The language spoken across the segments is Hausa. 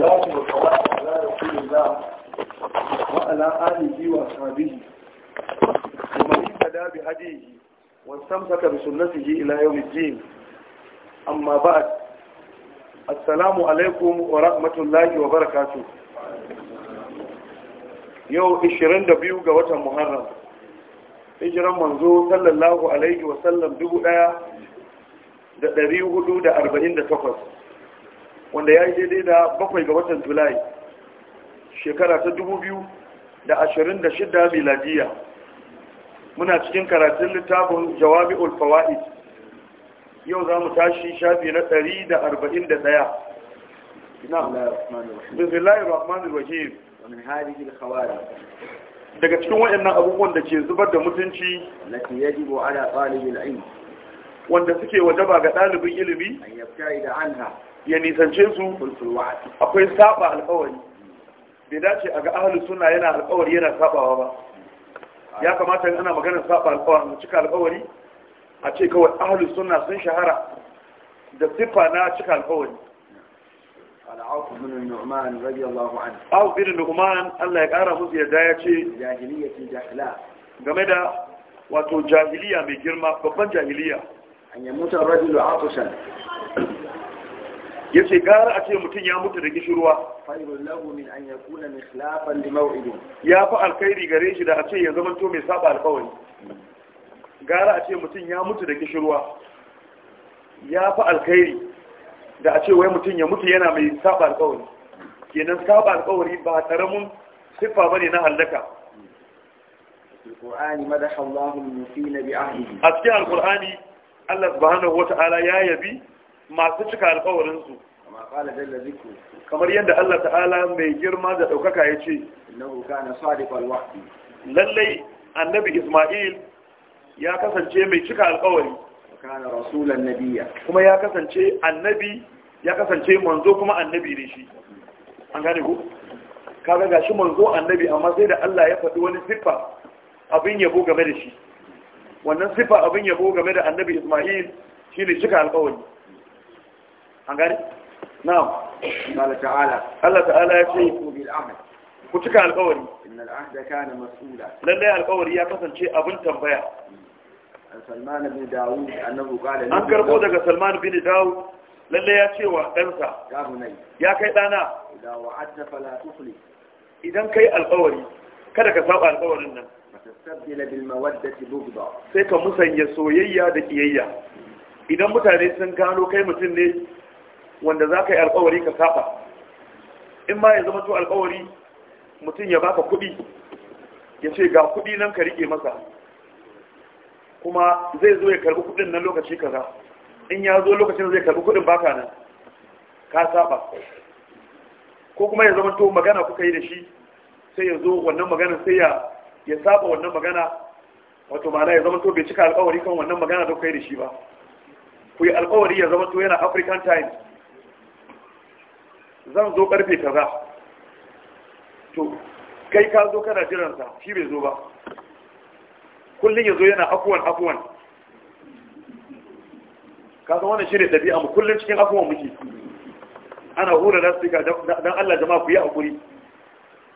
salatu wa salatu ala rasulillah wa ala alihi wa sahbihi wa man ihtada bi hadihi wa istamsaka bi sunnatihi ila yawmid din amma ba'd assalamu alaikum wa rahmatullahi wa barakatuh yau 22 ga watan muharram hijran manzo sallallahu alaihi wa sallam 1448 wanda ya yi daidai da bakwai ga watan julai shekara ta dubu biyu da da shida miladiya muna cikin karatun littafin jawabi ulfawa'id yau za mu tashi shafi na ɗari da arba'in 141 rahim daga cikin waɗannan abubuwan da ke zubar da mutunci wanda suke wajaba ga ɗalibin ilimi ya nisance su akwai saba alkawari bai dace a ga ahalus suna yana alkawari yana sabawa ba ya kamata ana maganar saba alkawari cika alkawari a ce kawai ahalus suna sun shahara da siffa na cika alkawari قال عوف بن Allah ya الله musu yadda ya ce game da wato jahiliya mai girma babban jahiliya an yamuta rajulu atushan ya ce gara a ce mutum ya mutu da kishirwa ya fi alkhairi gare shi da a ce ya zama to mai saba alkawari gara a ce mutum ya mutu da kishirwa ya fi alkhairi da a ce wai mutum ya mutu yana mai saba alkawari kenan saba alkawari ba karamin siffa ba ne na hallaka a cikin alkur'ani allah subhanahu wa ta'ala ya yabi masu cika alkawarinsu kamar yadda Allah ta'ala mai girma da ɗaukaka ya ce lallai annabi Ismail ya kasance mai cika alkawari kuma ya kasance annabi ya kasance manzo kuma annabi ne shi an gane ku kaga gashi manzo annabi amma sai da Allah ya faɗi wani siffa abin yabo game da shi wannan siffa abin yabo game da annabi Ismail shi ne cika alkawari an Na na'am Allah ta'ala Allah ta'ala ya ce ku bil amal ku cika alƙawari innal ahda kana mas'ula lalle alƙawari ya kasance abin tambaya Salman bin Dawud annahu qala an karbo daga Salman bin Dawud lalle ya ce wa ɗansa ya kai ɗana idan kai alƙawari kada ka saba alƙawarin nan sai ka musanya soyayya da kiyayya idan mutane sun gano kai mutum ne wanda za ka yi alkawari ka saba in ma ya zama to alkawari mutum ya baka kuɗi ya ce ga kuɗi nan ka rike masa kuma zai zo ya karbi kuɗin nan lokaci kaza in ya zo lokacin zai karbi kuɗin baka nan ka saba ko kuma ya zama to magana kuka yi da shi sai ya zo wannan magana sai ya ya saba wannan magana wato ma'ana ya zama to bai cika alkawari kan wannan magana da kuka yi da shi ba ku yi alkawari ya zama to yana african time zan zo karfe za to kai ka zo kana jiransa shi bai zo ba kullum ya zo yana afuwan afuwan ka san wani shirin ɗabi'a mu kullum cikin afuwan muke ana hura da suka dan Allah jama'a ku yi hakuri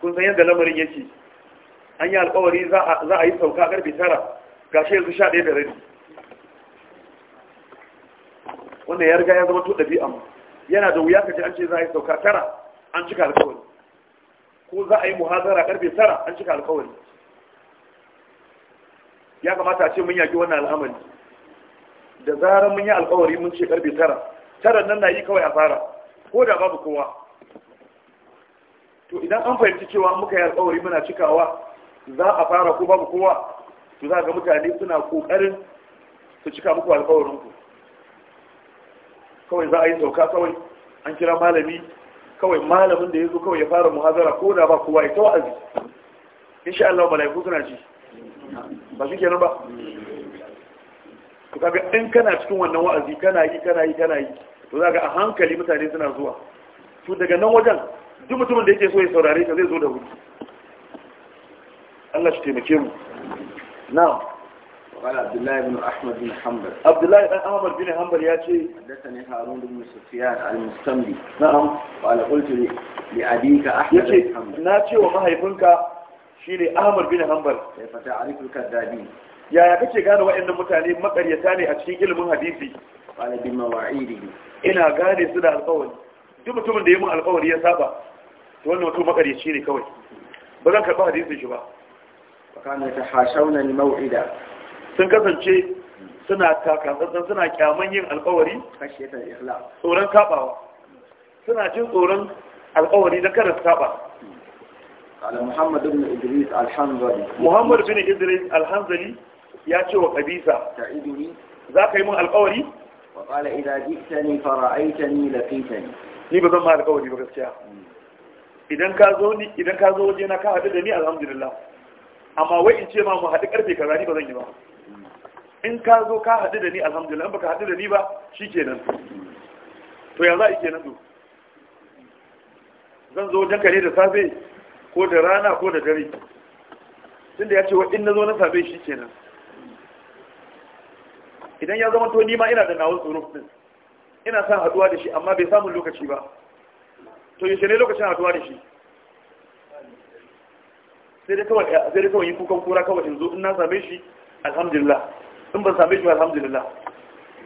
kun san yadda lamarin yake an yi alƙawari za a yi sauka karfe tara ga shi yanzu sha ɗaya da rabi wanda ya riga ya zama to ɗabi'a mu yana da wuya ka ce an ce za a yi sauka tara an cika alkawari ko za a yi muhazara karfe tara an cika alkawari ya kamata a ce mun yaki wannan al'amari da zarar mun yi alkawari mun ce karfe tara tara nan na yi kawai a fara ko da babu kowa to idan an fahimci cewa muka yi alkawari muna cikawa za a fara ko babu kowa to za ga mutane suna kokarin su cika muku alkawarinku kawai za a yi sauka kawai an kira malami kawai malamin da ya zo kawai ya fara muhazara ko da ba kowa ita wa'azi insha Allah malaiku suna ji ba shi kenan ba to kaga in kana cikin wannan wa'azi kana yi kana yi kana yi to zaka a hankali mutane suna zuwa to daga nan wajen duk mutumin da yake so ya saurare ka zai zo da wuri Allah shi taimake mu na'am قال عبد الله بن احمد بن حنبل عبد الله بن احمد بن حنبل ياتي حدثني هارون بن سفيان المستملي نعم قال قلت لي لابيك احمد بن حنبل ناتي وما هيفنك شيني احمد بن حنبل كيف تعرف الكذابين يا يا kace gane waɗannan mutane makaryata ne a cikin ilimin hadisi qala bi mawa'idi ina gane su da alƙawari duk mutumin da ya mun alƙawari ya saba to wannan mutum makaryaci ne kawai ba zan karɓi hadisin shi ba kana ta hashauna al sun kasance suna takatsantsan suna kyaman yin alkawari tsoron kabawa suna jin tsoron alkawari na karin saba muhammad bin idris alhanzali ya ce wa kabisa za ka yi min alkawari وقال إذا جئتني فرأيتني لقيتني ni ba zan ma alƙawari ba gaskiya idan ka zo ni ka waje na ka haɗu da ni alhamdulillah amma wai in ce ma mu haɗu karfe kaza ni ba zan yi ba in ka zo ka haɗu da ni alhamdulillah in baka haɗu da ni ba shi kenan to ya za a nan to zan zo wajen kare da safe ko da rana ko da dare tunda ya ce wa in na zo na safe shi kenan idan ya zama to ni ma ina da nawon tsoro din ina son haɗuwa da shi amma bai samun lokaci ba to yaushe ne lokacin haɗuwa da shi sai dai kawai yi kukan kura kawai in zo in na same shi alhamdulillah in ban same shi ba alhamdulillah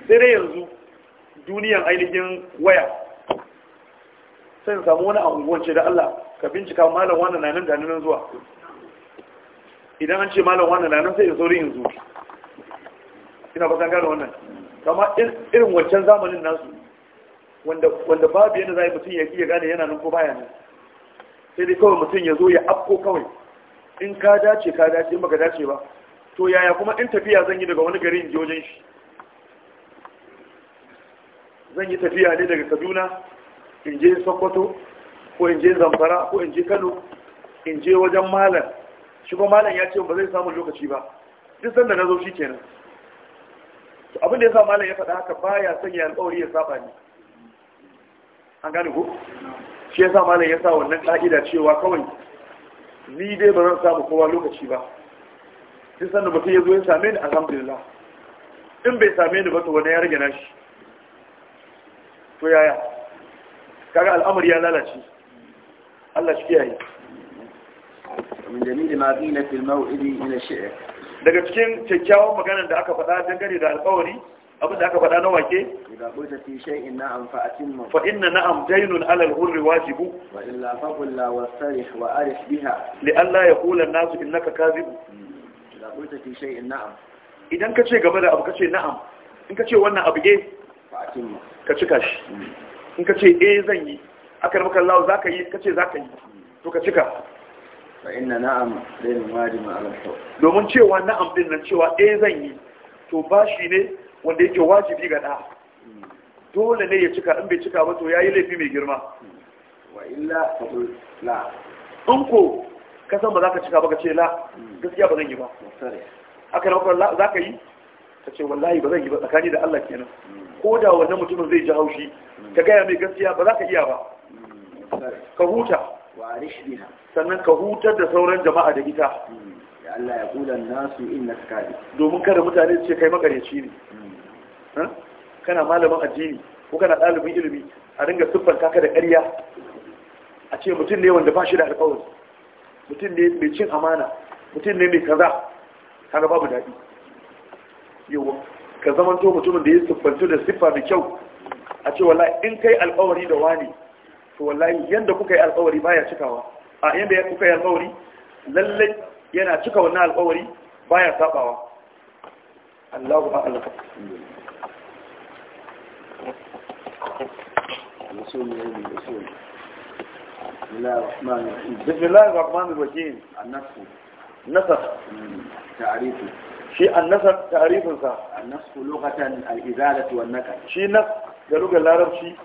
sai dai yanzu duniyan ainihin waya sai samu wani anguwance da Allah ka bincika malam wannan nanin da nan zuwa idan an ce malam wannan nanin sai in saurin yanzu ina ba san gane wannan kama irin wancan zamanin nasu wanda babu yana zai mutum ya iya gane yana nan ko baya ne sai dai kawai mutum ya zo ya afko kawai in ka dace ka dace in baka dace ba to yaya kuma in tafiya zan yi daga wani gari in je wajen shi zan yi tafiya ne daga kaduna in je sokoto ko in je zamfara ko in je kano in je wajen malam shi kuma malam ya ce ba zai samu lokaci ba duk sanda na zo shi kenan to abin da ya sa malam ya faɗa haka baya sanya alƙawari ya saba ni an gane ko shi ya sa malam ya sa wannan ƙa'ida cewa kawai ni dai ba zan samu kowa lokaci ba sai sannan mutum ya zo ya same ni alhamdulillah in bai same ni ba to wani ya rage nashi to yaya kaga al'amari ya lalace Allah shi kiyaye min jami'i ma fi na fil maw'idi min ash-shi'r daga cikin kyakkyawan maganar da aka faɗa dangane da alƙawari abin da aka faɗa na wake idan qulta fi shay'in na'am fa atimma fa inna na'am daynun 'ala al-hurri wajibu wa illa fa qul la wastarih wa arif biha li alla yaqula an-nasu innaka kadhib hmm. qulta fi shay'in na'am idan ka ce gaba da abu ka ce na'am in ka ce wannan abu eh ka cika shi mm. in ka ce eh zan yi aka rubuka Allah za ka yi ka ce za ka yi to ka cika fa inna na'am lil wajib ala domin cewa na'am din nan cewa eh zan yi to bashi ne wanda yake wajibi ga ɗa, mm. dole ne ya cika in bai cika ba to ya yi laifi mai girma mm. wa illa fa la in ko Kasan ba za ka cika ba ka ce la gaskiya ba zan yi ba aka na kwakwar za ka yi ka ce wallahi ba zan yi ba tsakani da Allah kenan ko da wannan mutumin zai ji haushi ka gaya mai gaskiya ba za ka iya ba ka huta sannan ka hutar da sauran jama'a da ita Allah ya kula nasu inna kadi domin kada mutane su ce kai makareci ne hmm. kana malamin addini ko kana ɗalibin ilimi a dinga siffanta ka da ƙarya a ce mutum ne wanda ba shi da alƙawari mutum ne mai cin amana mutum ne mai kaza kaga babu daɗi yawa ka zamanto mutumin da ya siffantu da siffa da kyau a ce wallahi in kai alƙawari da wani to wallahi yanda kuka yi alƙawari baya cikawa a yanda kuka yi alƙawari lallai yana cika wannan alƙawari baya sabawa Allahu a'lam Thank you. بسم الله الرحمن الرحيم النسخ نسخ تعريف شيء النسخ تعريف النسخ لغة الإزالة والنقل شيء نسخ لغة العرب شيء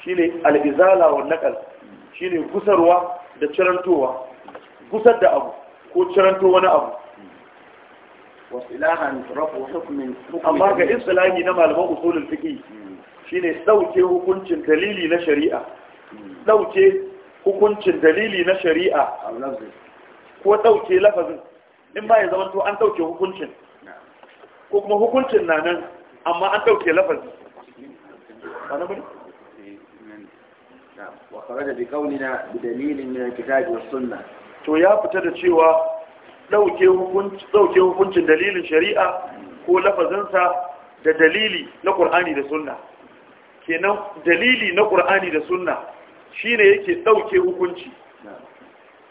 شيء da tarantowa hmm. kusar da abu ko tarantowa wani abu hmm. wasu ilahan rafu hukumin amma ga islami na malaman usulul fiqi hmm. shine sauke hukuncin dalili na shari'a sauke. hukuncin dalili na shari'a ko ɗauke lafazin in ba ya zama to an ɗauke hukuncin ko kuma hukuncin na nan amma an ɗauke lafazi wani bane? wakaraja bi kaunina bi dalilin min alkitabi sunna to ya fita da cewa ɗauke hukuncin dalilin shari'a ko lafazinsa da dalili na ƙur'ani da sunna kenan dalili na ƙur'ani da sunna shine yake dauke hukunci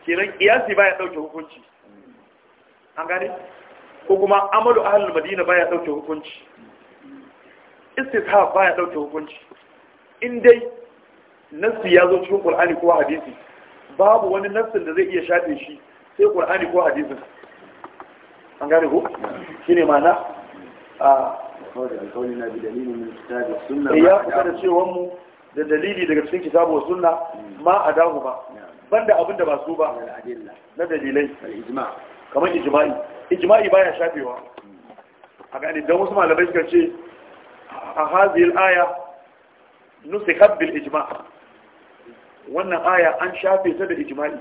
kenan kiyasi baya dauke hukunci an gane ko kuma amalu ahlul madina baya dauke hukunci istishab baya dauke hukunci in dai nassi ya zo cikin qur'ani ko hadisi babu wani nassin da zai iya shafe shi sai qur'ani ko hadisi an gane ko shine ma'ana a eh, ya kusa da cewar mu da dalili daga cikin kitabu wa sunna hmm. ma a dahu ba banda abin da ba su ba na dalilai kamar ijima'i. Ijima'i baya shafewa hmm. a gani don wasu malamai suka ce a hazil aya nusikat bil ijma wannan aya an shafe ta da ijima'i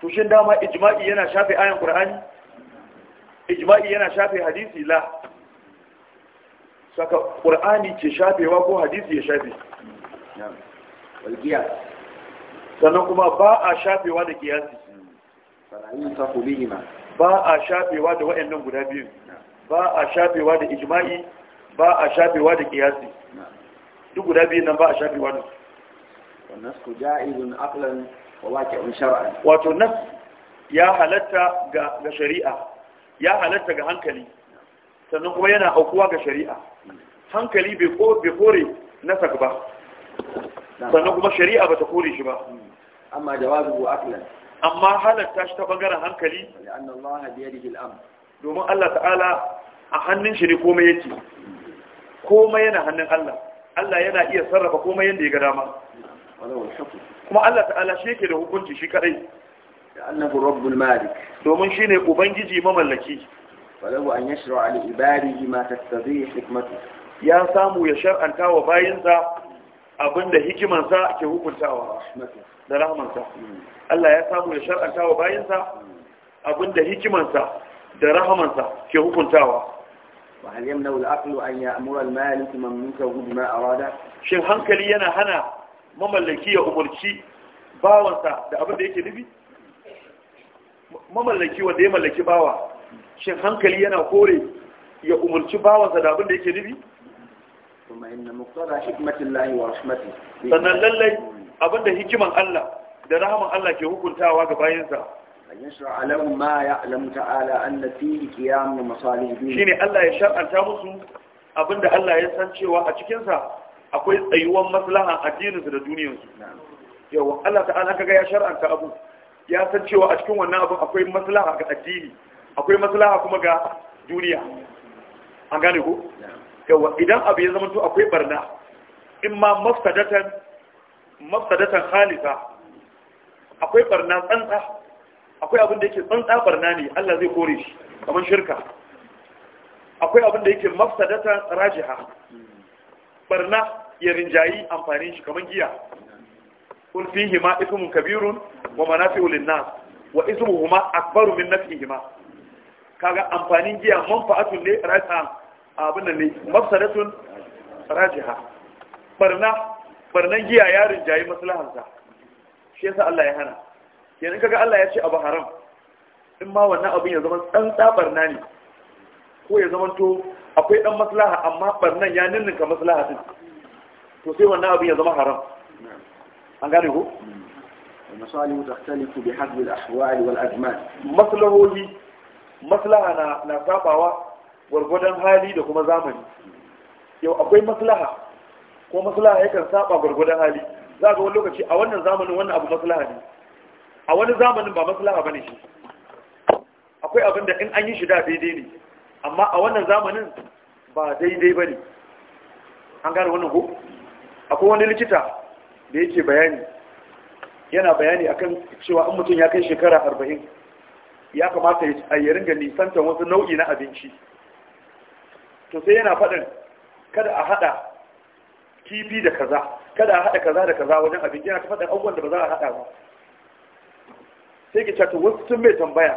tushen dama ijima'i yana shafe ayan qur'ani ijima'i yana shafe hadisi la saka ƙur'ani ke shafewa ko hadisi ya shafe sannan kuma ba a shafewa da kiyasi ba a shafewa da wa'annan guda biyu ba a shafewa da ijma'i ba a shafewa da kiyasi duk guda biyu nan ba a shafewa da su wato nas ya halatta ga shari'a ya halatta ga hankali sannan kuma yana aukuwa ga shari'a hankali bai kore na ba sannan kuma shari'a ba ta kore shi ba amma jawabu aklan amma halatta shi ta bangaren hankali domin Allah ta'ala a hannun shi ne komai yake komai yana hannun Allah Allah yana iya sarrafa komai yadda ya ga dama kuma Allah ta'ala shi yake da hukunci shi kadai annahu rabbul malik domin shine ubangiji mamallaki walau an yashra al ibadihi ma tastazi hikmatu ya samu ya shar'anta wa bayinsa abinda hikimansa ke hukuntawa da rahamansa Allah ya samu ya shar'anta wa bayinsa abinda hikimansa da rahamansa ke hukuntawa wa hal yamna al aqlu an ya'mura al malik mamlukahu bima arada shin hankali yana hana mamallaki ya umurci bawansa da abin da yake nufi mamallaki wanda ya mallaki bawa shin hankali yana kore ya umurci bawansa da abin da yake nufi sannan lallai abinda hikiman Allah da rahaman Allah ke hukuntawa ga bayansa an yashra Allah ya shar'anta musu abinda Allah ya san cewa a cikinsa akwai tsayuwan maslahan addininsu da duniyarsu Yau, Allah ta'ala An kaga ya shar'anta abu ya san cewa a cikin wannan abu akwai maslaha ga addini akwai maslaha kuma ga duniya an gane ku? yawa idan abu ya zama to akwai barna in ma mafsadatan mafsadatan khalifa akwai barna tsantsa akwai abin da yake tsantsa barna ne Allah zai kore shi kamar shirka akwai abin da yake mafsadatan rajiha barna ya rinjayi amfanin shi kamar giya kun fihi ma ismun kabirun wa manafi'u lin-nas wa ismuhuma akbaru min naf'ihima kaga amfanin giya manfa'atun ne rajiha abin da ne mafsadatun rajiha barna barnan giya ya rinjayi maslahansa shi yasa Allah ya hana kenan kaga Allah ya ce abu haram in ma wannan abin ya zama dan tsabarna ne ko ya zama to akwai dan maslaha amma barnan ya ninninka maslaha din to sai wannan abin ya zama haram an gane ko المصالح تختلف بحسب الأحوال والأزمان مصلحه مصلحة نتابعها gwargwadon hali da kuma zamani yau akwai maslaha ko maslaha yakan saba gwargwadon hali za ga wani lokaci a wannan zamanin wannan abu maslaha ne a wani zamanin ba maslaha bane shi akwai abin da in an yi shi da daidai ne amma a wannan zamanin ba daidai bane an gane wannan ko akwai wani likita da yake bayani yana bayani akan cewa in mutum ya kai shekara arba'in ya kamata a yi ringa nisantar wasu nau'i na abinci to sai yana faɗin kada a haɗa kifi da kaza kada a haɗa kaza da kaza wajen abinci yana faɗin abubuwan da ba za a haɗa ba sai ke cato wasu sun mai tambaya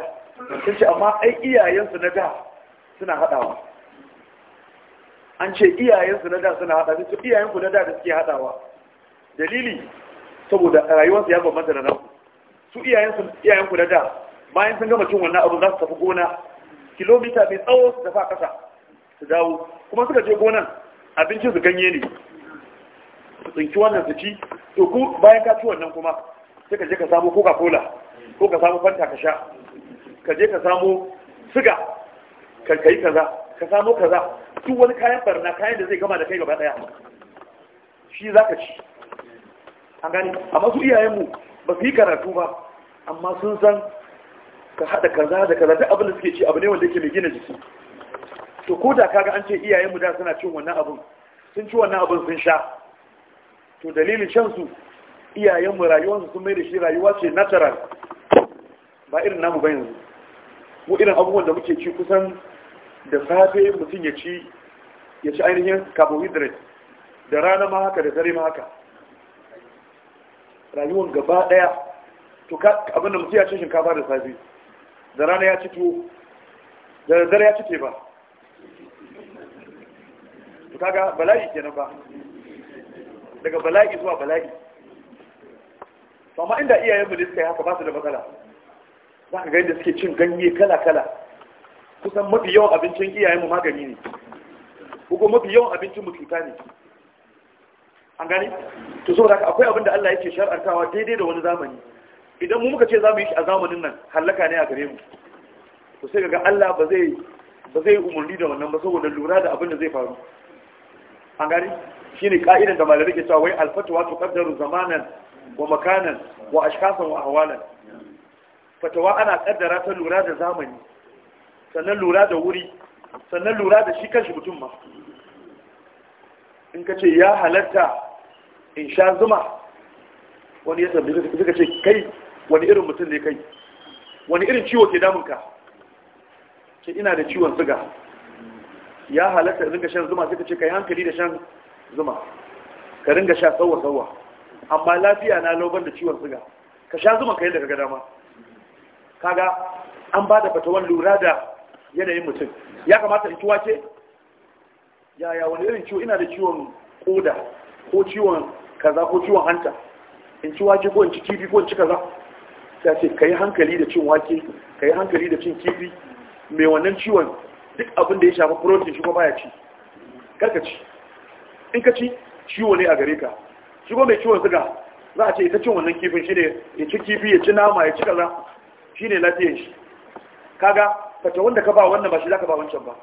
sun ce amma ai iyayensu na da suna haɗawa an ce iyayensu na da suna haɗa sun iyayenku na da da suke haɗawa dalili saboda rayuwarsu ya bambanta da naku su iyayenku na da bayan sun gama cin wannan abu za su tafi gona kilomita mai tsawo su tafi a ƙasa su dawo kuma suka je gonan abincin su ganye ne su tsinki wannan su ci to ku bayan ka ci wannan kuma sai ka je ka samu coca cola ko ka samu fanta ka sha ka je ka samu siga ka kai kaza ka samu kaza duk wani kayan barna kayan da zai gama da kai gaba daya shi za ka ci an gani amma su iyayenmu ba su yi karatu ba amma sun san ka haɗa kaza da kaza duk abin da suke ci abu ne wanda yake mai gina jiki to ko da kaga an ce iyayen mu da suna cin wannan abun sun ci wannan abun sun sha to dalilin shan su iyayen mu rayuwar su sun mai da shi rayuwa ce natural ba irin namu ba yanzu ko irin abubuwan da muke ci kusan da safe mutum ya ci ya ci ainihin carbohydrate da rana ma haka da dare ma haka rayuwar gaba daya to abinda mutum ya ci shinkafa da safe da rana ya ci tuwo da dare ya ci teba kaga bala'i kenan ba daga bala'i zuwa bala'i to amma inda iyayenmu ne suka yi haka ba su da matsala za ka ga yadda suke cin ganye kala kala kusan mafi yawan abincin iyayenmu magani ne ko mafi yawan abincin mu cuta ne an gani, to saboda haka akwai abin da Allah yake shar'antawa daidai da wani zamani idan mu muka ce za mu yi shi a zamanin nan hallaka ne a gare mu to sai ga Allah ba zai ba zai umarni da wannan ba saboda lura da abin da zai faru an shi shine ka'idan da malami ke cewa wai alfatwa tuqaddaru zamanan wa makanan wa ashkasan wa ahwalan fatawa ana kaddara ta lura da zamani sannan lura da wuri sannan lura da shi kanshi mutum ma in ka ce ya halatta in sha zuma wani ya sabbi suka ce kai wani irin mutum ne kai wani irin ciwo ke damunka ce ina da ciwon suga ya halatta ka ringa shan zuma sai ka ce kai hankali da shan zuma ka ringa sha tsawa tsawa amma lafiya na loban da ciwon suga. ka sha zuma ka daga kaga dama kaga an ba da fatawan lura da yanayin mutum ya kamata in ciwa ce yaya wani irin ciwo ina da ciwon koda ko ciwon kaza ko ciwon hanta in ci wake ko in ci kifi ko in ci kaza ta ce ka yi hankali da cin wake ka yi hankali da cin kifi mai wannan ciwon duk abin da ya shafi protein shi kuma ya ci karka ci in ka ci ciwo ne a gare ka shi kuma mai ciwon suga za a ce ita cin wannan kifin shi ne ya ci kifi ya ci nama ya ci kaza shi ne lafiyar shi kaga fata wanda ka ba wannan ba shi za ka ba wancan ba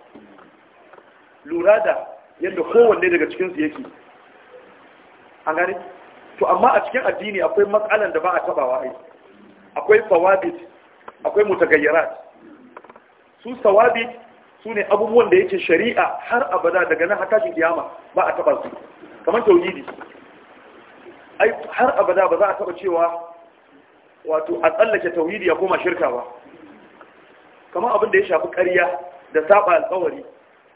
lura da yadda kowanne daga cikinsu yake an gane to amma a cikin addini akwai matsalan da ba a tabawa ai akwai fawabit akwai mutagayyarat su sawabit su ne abubuwan da yake shari'a har abada daga nan hatashin kiyama ba a taba su kamar tauhidi ai har abada ba za a taba cewa wato a tsallake tauhidi ya koma shirka ba kamar abin da ya shafi ƙarya da saba alƙawari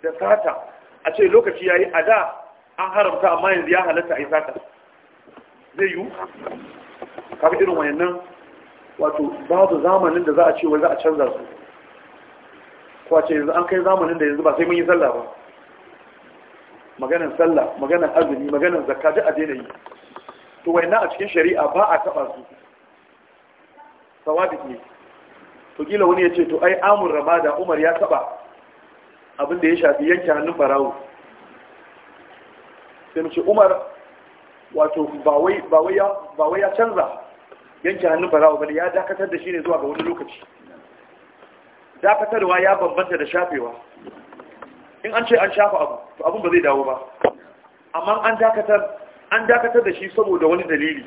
da sata a ce lokaci yayi a da an haramta amma yanzu ya halatta a yi sata zai yiwu kafin irin wayannan wato babu zamanin da za a ce wai za a canza su wace yanzu an kai zamanin da yanzu ba sai mun yi sallah ba maganan sallah maganan azumi maganan zakka duk a daina yi to wai na a cikin shari'a ba a taba su sawabi ne to gila wani ya ce to ai amur ramada umar ya taba abin da ya shafi yanke hannun barawo sai mu ce umar wato ba wai ya canza yanke hannun barawo bane ya dakatar da shi ne zuwa ga wani lokaci dakatarwa ya bambanta da shafewa in an ce an shafa abu to abun ba zai dawo ba amma an dakatar an dakatar da shi saboda wani dalili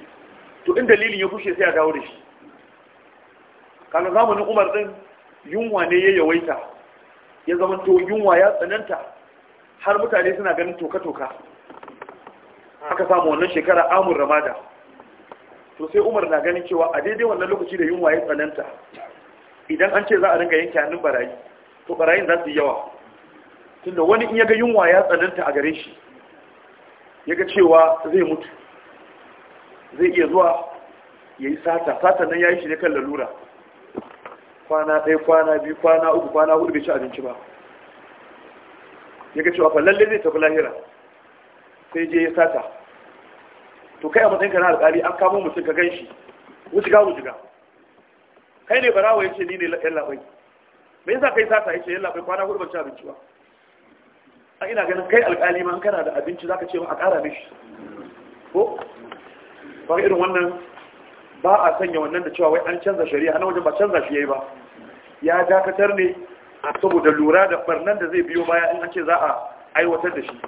to in dalilin ya bushe sai a dawo da shi kana zamanin umar din yunwa ne ya yawaita ya zama to yunwa ya tsananta har mutane suna ganin toka-toka aka samu wannan shekara amur ramada to sai umar na ganin cewa a daidai wannan lokaci da yunwa ya tsananta idan an ce za a ringa yanke hannun barayi to barayin za su yi yawa tunda wani in ya ga yunwa ya tsananta a gare shi ya ga cewa zai mutu zai iya zuwa ya yi sata sata nan ya yi shi ne kan lalura kwana ɗaya kwana biyu kwana uku kwana hudu bai ci abinci ba ya ga cewa fa lalle zai tafi lahira sai je ya sata to kai a ka na alƙali an kamo mutum ka gan shi wuce ga wuce ga kai ne barawa ce ni ne yalla bai me yasa kai sata yace yalla bai kwana hudu ban ci abinci ba a ina ganin kai alƙali ma kana da abinci zaka ce ma a ƙara mishi ko ba irin wannan ba a sanya wannan da cewa wai an canza shari'a na wajen ba canza shi yayi ba ya dakatar ne saboda lura da barnan da zai biyo baya in an ce za a aiwatar da shi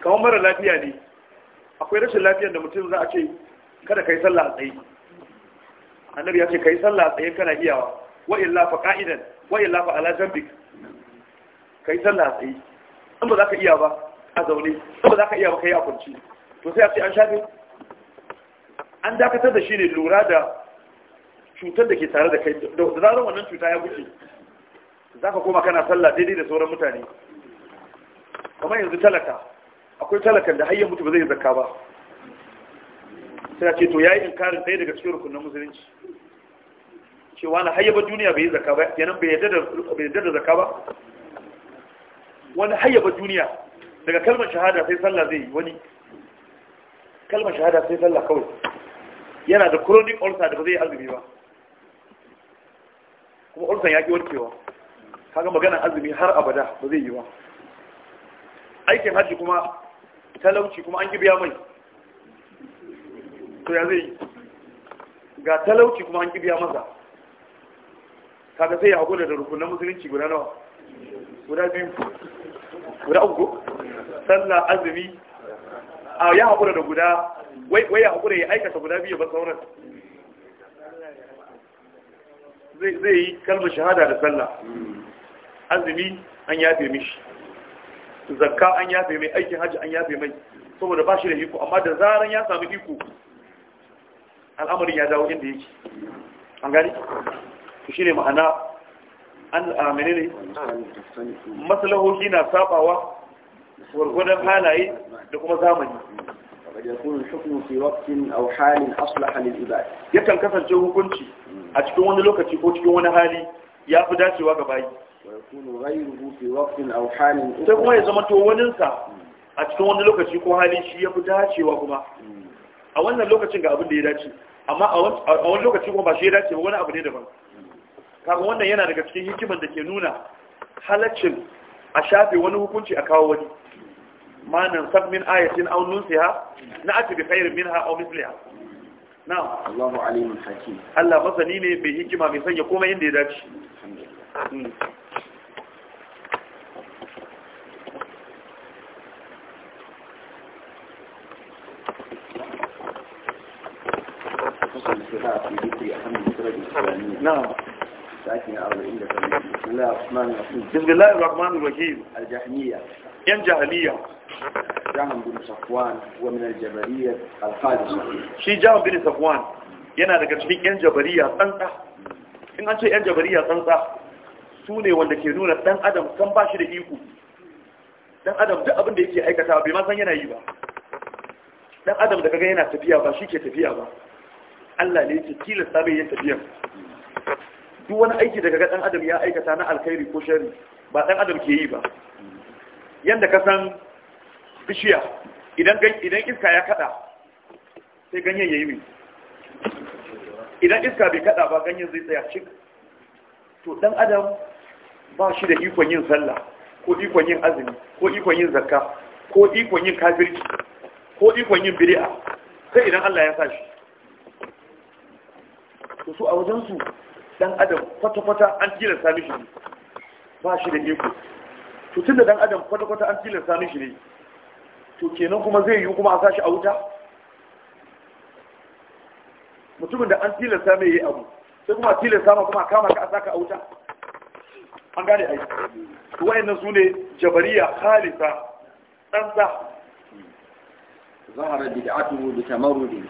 kamar mara lafiya ne akwai rashin lafiyar da mutum za a ce kada kai sallah a tsayi annabi ya ce kai sallah tsaye kana iyawa wa illa fa qa'idan wa illa fa ala jambik kai sallah tsaye in ba za ka iya ba a zaune in ba za ka iya ba kai a kwanci to sai a ce an shafe an dakatar da shi ne lura da cutar da ke tare da kai da zarar wannan cuta ya wuce za ka koma kana sallah daidai da sauran mutane kamar yanzu talaka akwai talakan da hayyar mutu ba zai zakka ba sai ce to yayi inkarin ɗaya daga cikin rukunin musulunci cewa na hayyaba duniya bai yi zakka ba kenan bai yadda da zaka ba wani hayyaba duniya daga kalmar shahada sai sallah zai yi wani kalmar shahada sai sallah kawai yana da chronic ulcer da ba zai azumi ba kuma ulcer ya ki warkewa kaga magana azumi har abada ba zai yi ba aikin hajji kuma talauci kuma an ki biya mai to ya zai ga talauci kuma an kibiya masa kaga sai ya hakuna da rukunan musulunci guda nawa guda biyu guda uku sallah azumi a ya hakura da guda wai ya hakura ya aikata guda biyu ba sauran zai yi kalmar shahada da sallah azumi an yafe mishi zakka an yafe mai aikin hajji an yafe mai saboda ba shi da iko amma da zaran ya sami iko al'amarin ya dawo inda yake an gani su shi ne ma'ana an amini ne matsalahohi na sabawa wargwadon halaye da kuma zamani ya kan kasance hukunci a cikin wani lokaci ko cikin wani hali ya fi dacewa ga bayi ta kuma ya zama towaninsa a cikin wani lokaci ko hali shi ya fi dacewa kuma hmm. a wannan lokacin ga abin da ya dace amma a wani lokaci kuma ba shi ya dace ba wani abu ne daban kaga wannan yana daga cikin hikimar da ke nuna halaccin a shafe wani hukunci a kawo wani manan sabmin sab min ayatin aw na ati bi khairin minha aw misliha na'am Allahu alimun hakim Allah masani ne mai hikima mai sanya komai inda ya dace الشفاء في بسم الله الرحمن الرحيم الجهمية جهلية جهم بن صفوان ومن الجبرية الخالصة شي جهم بن صفوان yana daga cikin 'yan jabariya tsantsa in an ce 'yan jabariya tsantsa su wanda ke nuna ɗan adam san ba shi da iko Dan adam duk abin da yake aikata bai ma san yana yi ba ɗan adam da yana tafiya ba shi ke tafiya ba Allah ne yake tilasta sabai ya tafiya duk wani aiki daga dan adam ya aikata na alkhairi ko shari ba dan adam ke yi ba yanda ka san bishiya idan idan iska ya kada sai ganyen yayi mai idan iska bai kada ba ganyen zai tsaya cik to dan adam ba shi da ikon yin sallah ko ikon yin azumi ko ikon yin zakka ko ikon yin kafirci ko ikon yin bid'a sai idan Allah ya sa shi to su a wajensu dan adam kwata-kwata an tilasta mishi ne ba shi da iko to tun da dan adam kwata-kwata an tilasta mishi ne to kenan kuma zai yi kuma a sashi a wuta mutumin da an tilasta mai yi abu sai kuma tilasta ma kuma kama ka a saka a wuta an gane aiki to wayannan su ne jabariya khalisa tsantsa zahara bid'atuhu bi tamarrudi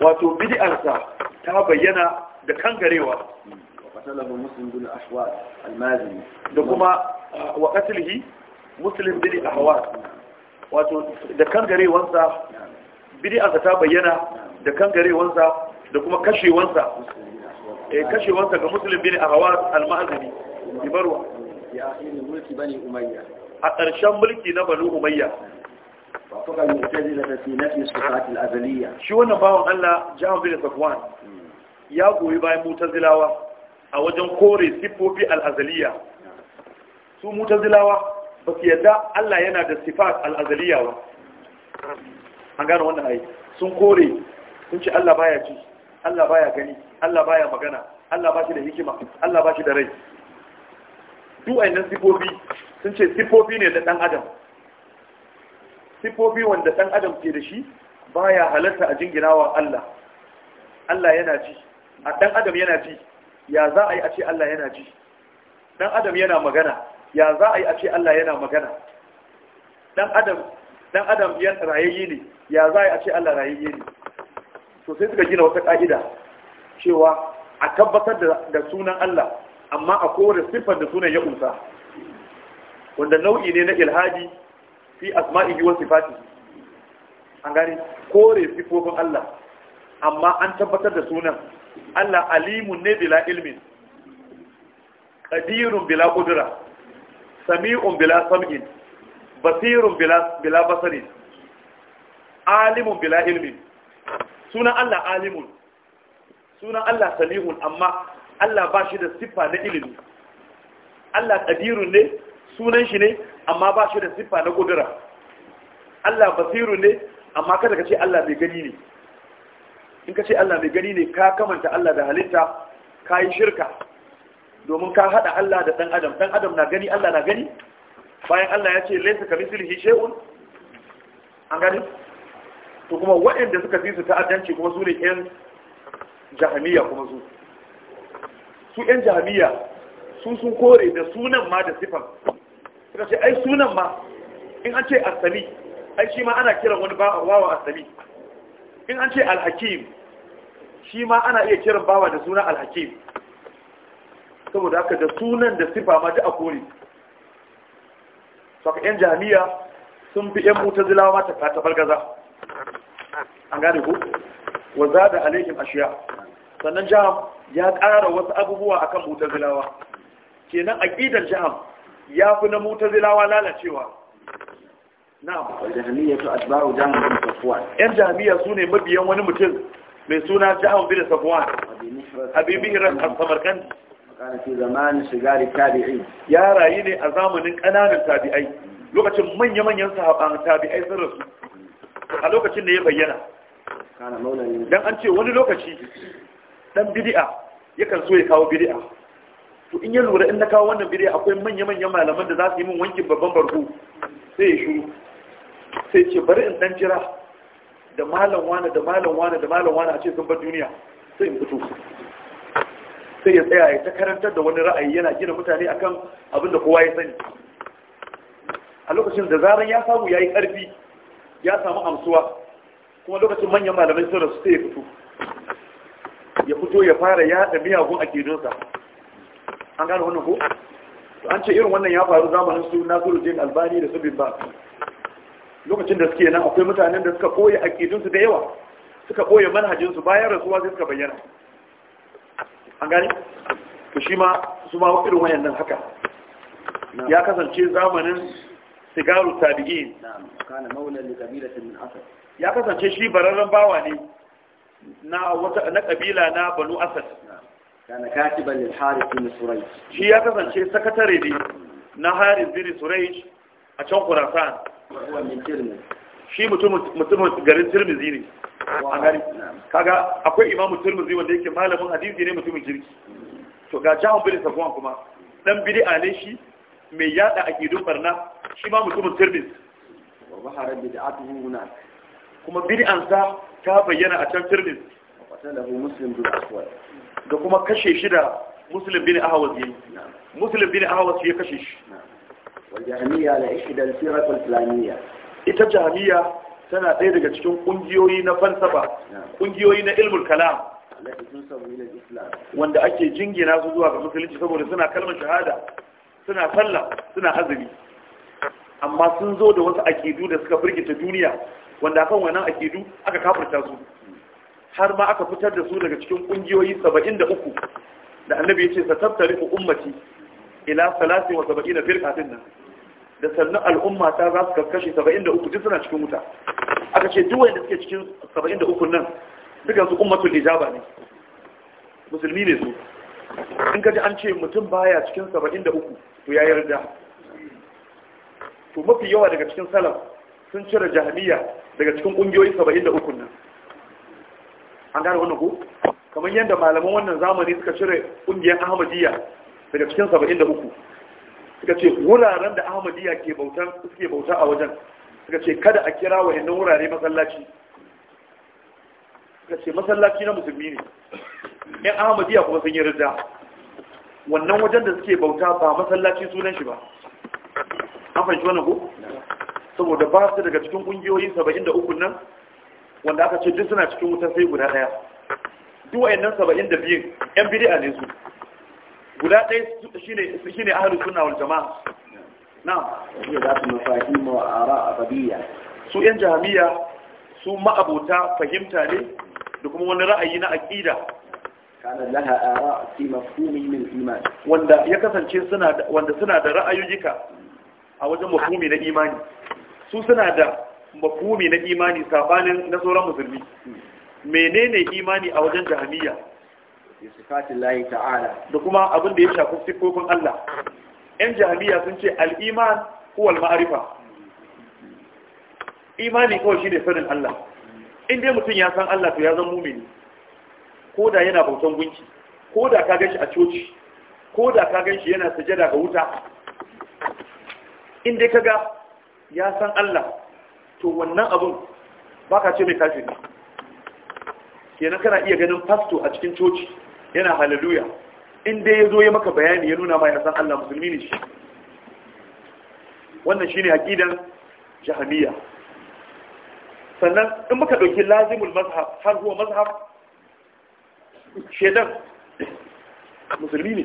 wato bid'arsa ta bayyana da kangarewa qatalahu muslim bin al-mazini da kuma ah, wa qatlihi muslim bin ahwar wato da kangarewansa bid'arsa ta bayyana da kangarewansa da kuma kashewansa eh kashewansa ga muslim bin ahwar al-mazini ya mulki bani umayya a ƙarshen mulki na banu umayya وافق المعتزلة في نفي الصفات الأزلية شو نباو الله جاء بن صفوان يا قوي باي معتزلاوا a wajen kore siffofi al'azaliya su mutazilawa ba su yadda Allah yana da sifat al'azaliya ba an gano wannan ayi sun kore sun ce Allah baya ci Allah baya gani Allah baya magana Allah ba shi da hikima Allah ba shi da rai duk ainihin siffofi sun ce siffofi ne da ɗan adam sifofi wanda ɗan adam ke da shi ba ya halarta a wa Allah Allah yana ji a ɗan adam yana ji ya za a yi a ce Allah yana ji ɗan adam yana magana ya za a yi a ce Allah yana magana ɗan adam ɗan adam yan rayayye ne ya za a yi a ce Allah rayayye ne to sai suka gina wata ƙa'ida cewa a tabbatar da sunan Allah amma a kowane siffar da sunan ya kunsa wanda nau'i ne na ilhadi fi asma'i wa sifati an gari kore sifofin Allah amma an tabbatar da sunan Allah alimun ne bila ilmin qadirun bila qudra sami'un bila sam'i basirun bila bila basarin alimun bila ilmin sunan Allah alimun sunan Allah sami'un amma Allah ba shi da siffa na ilimi Allah qadirun ne sunan shi ne amma ba shi da siffa na kudura Allah basiru ne amma kada ka ce Allah mai gani ne in ka ce Allah mai gani ne ka kamanta Allah da halitta ka yi shirka domin ka haɗa Allah da ɗan adam ɗan adam na gani Allah na gani bayan Allah ya ce laysa ka mislihi shay'un an gani to kuma waɗanda suka fi su ta'addanci kuma su ne ƴan jahamiya kuma su su ƴan jahamiya su sun kore da sunan ma da sifan suka ce ai sunan ma in an ce asali ai shi ma ana kiran wani bawa asali in an ce alhakim shi ma ana iya kiran bawa da sunan alhakim saboda haka da sunan da sifa ma duk a kore saka yan jami'a sun fi yan mutazilawa zilawa ta tabargaza an gane ku wa zada alaihim ashiya sannan jaham ya ƙara wasu abubuwa akan zilawa kenan aqidan jaham ya fi na mutazilawa lalacewa na'am jahmiya su atba'u jahm bin safwan yan jahmiya mabiyan wani mutum mai suna jahm bin safwan habibi hiran samarkand kana ya rayu ne a zamanin kananan tabi'ai lokacin manya-manyan sahaban tabi'ai sun rasu a lokacin da ya bayyana dan an ce wani lokaci dan bidi'a, yakan so ya kawo bidi'a. to in ya lura in na kawo wannan bidiyo akwai manya-manyan malaman da za su yi min wankin babban barko sai ya shuru sai ce bari in dan jira da malam wani da malam wani da malam wani a ce sun bar duniya sai in fito sai ya tsaya ya ta karantar da wani ra'ayi yana gina mutane akan abin da kowa ya sani a lokacin da zaran ya samu ya yi ƙarfi ya samu amsuwa kuma lokacin manyan malamai sun rasu sai ya fito ya fito ya fara yaɗa miyagun a kedunsa an gane wannan ko to an ce irin wannan ya faru zamanin su Nasiruddin Albani da Sabin Ba lokacin da suke nan akwai mutanen da suka koyi aqidun su da yawa suka koyi manhajin su bayan rasuwa sai suka bayyana an gane to shi ma su ma irin wayannan haka ya kasance zamanin sigaru tabi'in kana maula li qabilatin min asad ya kasance shi bararren bawa ne na wata na kabila na banu asad kana katiban lil harith bin surayj shi ya kasance sakatare ne na harith bin surayj a can khurasan shi mutumin garin tirmizi ne a gari kaga akwai imamu tirmizi wanda yake malamin hadisi ne mutumin kirki to ga jahon bin safwan kuma dan bid'a ne shi mai yada aqidun barna shi ma mutumin tirmizi kuma bid'ansa ta bayyana a can tirmizi Ga kuma kashe shi da muslim bin ahawaz yayi muslim bin ahawaz ya kashe shi wal jahmiya la ishda al islamiyya ita jahmiya tana ɗaya daga cikin ƙungiyoyi na falsafa ƙungiyoyi na ilmul kalam wanda ake jingina su zuwa ga musulunci saboda suna kalmar shahada suna sallah suna azumi amma sun zo da wasu akidu da suka firgita duniya wanda akan wannan akidu aka kafirta su har ma aka fitar da su daga cikin kungiyoyi 73 da annabi ya ce sa tattari ummati ila salasin wa saba'in na firkatin nan da sannan al'umma ta za su kaskashe 73 duk suna cikin wuta aka ce duk wanda suke cikin 73 nan dukan su ummatul ijaba ne musulmi ne su in ka ji an ce mutum baya cikin 73 to ya yarda to mafi yawa daga cikin salaf sun cire jahiliya daga cikin kungiyoyi 73 nan an gane wannan ku kamar yadda malaman wannan zamani suka cire ƙungiyar ahmadiyya daga cikin saba'in da uku suka ce wuraren da ahmadiyya ke bautan suke bauta a wajen suka ce kada a kira wa yannan wurare masallaci suka ce masallaci na musulmi ne yan ahmadiyya kuma sun yi rida wannan wajen da suke bauta ba masallaci sunan shi ba an fahimci wannan ku? saboda ba su daga cikin ƙungiyoyin saba'in da uku nan wanda aka ce duk suna cikin wutar sai guda ɗaya duk wayannan saba'in da biyun yan bid'a ne su guda ɗaya shine shine ahlus sunna wal jama'a na'am ya da su mafahim wa ara abadiyya su yan jahmiya su ma'abota fahimta ne da kuma wani ra'ayi na aqida kana laha ara fi mafhumin min iman wanda ya kasance suna wanda suna da ra'ayoyika a wajen mafhumi na imani su suna da Mafumi na imani sabanin na sauran musulmi menene imani a wajen jahamiya ta'ala da kuma abin da ya shafi siffofin Allah yan jahamiya sun ce al'iman huwal ma'arifa imani kawai shi ne sanin Allah in dai mutum ya san Allah to ya zan mumini ko da yana bautan gunki ko da ka ganshi a coci ko da ka ganshi yana sujada ga wuta in dai kaga ya san Allah to wannan abun ba ka ce mai kafiri kenan kana iya ganin fasto a cikin coci yana hallelujah in dai ya zo ya maka bayani ya nuna ma ya san Allah musulmi ne shi wannan shi ne haƙidan jahamiya sannan in muka ɗauki lazimul mazhab har zuwa mazhab shedan musulmi ne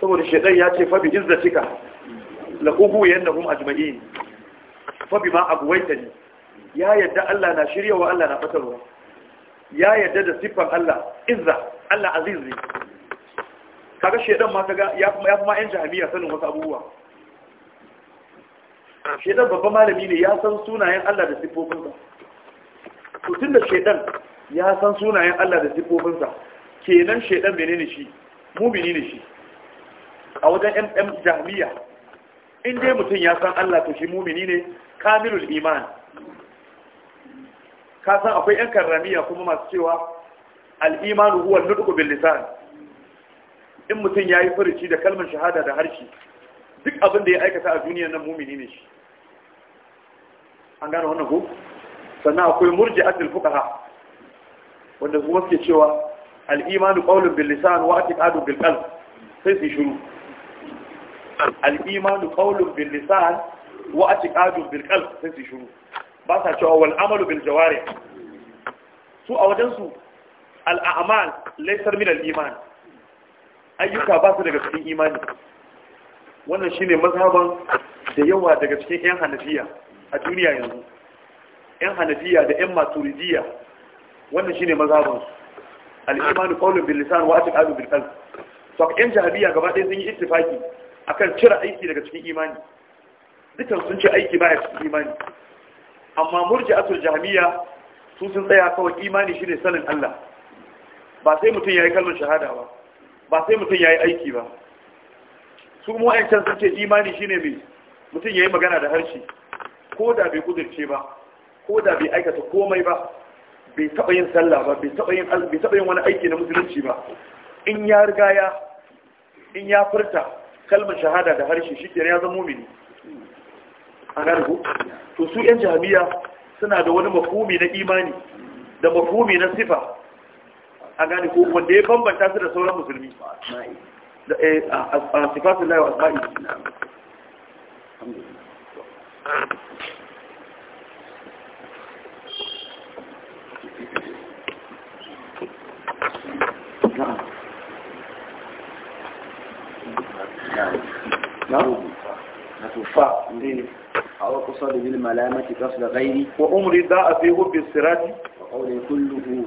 saboda shedan ya ce fabi bi izzatika la ugu yanahum ajma'in fa bima ne. ya yadda Allah na shirya wa Allah na fatarwa ya yadda da siffar Allah izza Allah aziz ne kaga shedan ma kaga ya kuma ya kuma yan jahiliya sanin wasu abubuwa shedan babban malami ne ya san sunayen Allah da siffofinsa to tunda shedan ya san sunayen Allah da siffofinsa kenan shedan menene shi mumini ne shi a wajen yan jahiliya in dai mutum ya san Allah to shi mumini ne kamilul iman ka san akwai yan karramiya kuma masu cewa al-imanu huwa nutqu bil lisan in mutum yayi furuci da kalmar shahada da harshe duk abin da ya aikata a duniyar nan mumini ne shi an gano wannan ko sannan akwai murji'atul fuqaha wanda kuma suke cewa al-imanu qawlun bil lisan wa i'tiqadun bil qalb sai su shiru al ƙaunin, bilisan, bil lisan wa i'tiqadun bil qalb su shuru ba sa cewa wal amalu bil jawarih su a wajen su al-a'mal min al ayyuka ba su daga cikin imani wannan shi ne mazhaban da yawa daga cikin yan hanafiya a duniya yanzu yan hanafiya da yan maturidiyya wannan shi ne su al ƙaunin, bilisan, bil lisan wa i'tiqadun bil qalb to gaba ɗaya sun yi ittifaki akan cire aiki daga cikin imani dukan sun ce aiki baya cikin imani amma murji'atul jahmiya su sun tsaya kawai imani shine sanin Allah ba sai mutum yayi kalmar shahada ba ba sai mutum yayi aiki ba su mu wayancan sun ce imani shine mai mutum yayi magana da harshe ko da bai kudirce ba ko da bai aikata komai ba bai taba yin sallah ba bai taba yin bai taba yin wani aiki na musulunci ba in ya riga ya in ya furta kalmar shahada da harshe shi ya zama mini. a gargo to su yan jami'a suna da wani mafumi na imani da mafumi na sifa a gani ko wanda ya bambanta su da sauran musulmi eh, a sifatun layo asma'i na'am يعني. نعم نتوفى أو قصد بالملامة قصد غيري وأمري ضاء في هب وقولي كله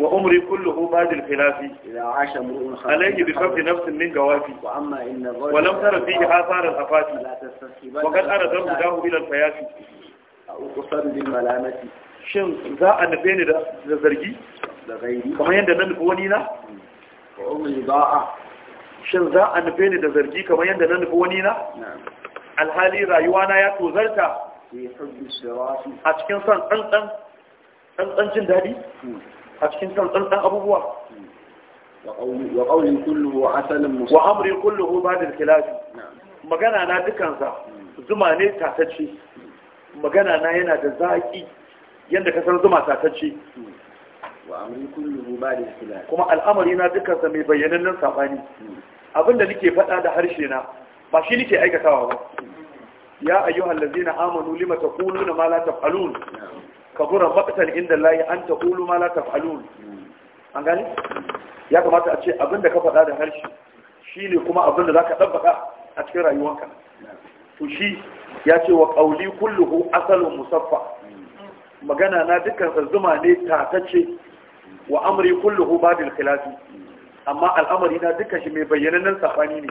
وأمري كله بعد الخلاف إذا عاش امرؤ عليه بخف نفس من جوافي وأما إن ولم ترى فيه آثار الأفات وقد أرى ذنب إلى الفيات أو قصد بالملامة شن za a nufe ni da zargi kamar yadda na nufi shin za a nufe ni da zargi kamar yadda na nufi wani na alhali rayuwa na ya tozarta a cikin son tsantsan jin daɗi hmm. a cikin son tsantsan abubuwa hmm. wa ƙaunin kullu wa asalin musu wa amurin kullu ko ba da kilafi magana na dukansa hmm. zuma ne tatacce magana na yana da zaƙi yadda ka san zuma tatacce wa amurin kullu ba da kilafi kuma al'amari na dukansa mai bayyanannen saɓani abinda nake faɗa da harshe na ba shi nake aikatawa ba ya ayyuhal ladzina amanu lima taquluna ma la taf'alun kabura maqtan inda Allah an taqulu ma la taf'alun an gani ya kamata a ce abinda ka faɗa da harshe shine kuma abinda zaka dabbaka a cikin rayuwarka. to shi ya ce wa qauli kulluhu asalun musaffa magana na dukkan zuma ne tatacce wa amri kulluhu badil khilafi amma al'amari na duka shi mai bayyana nan safani ne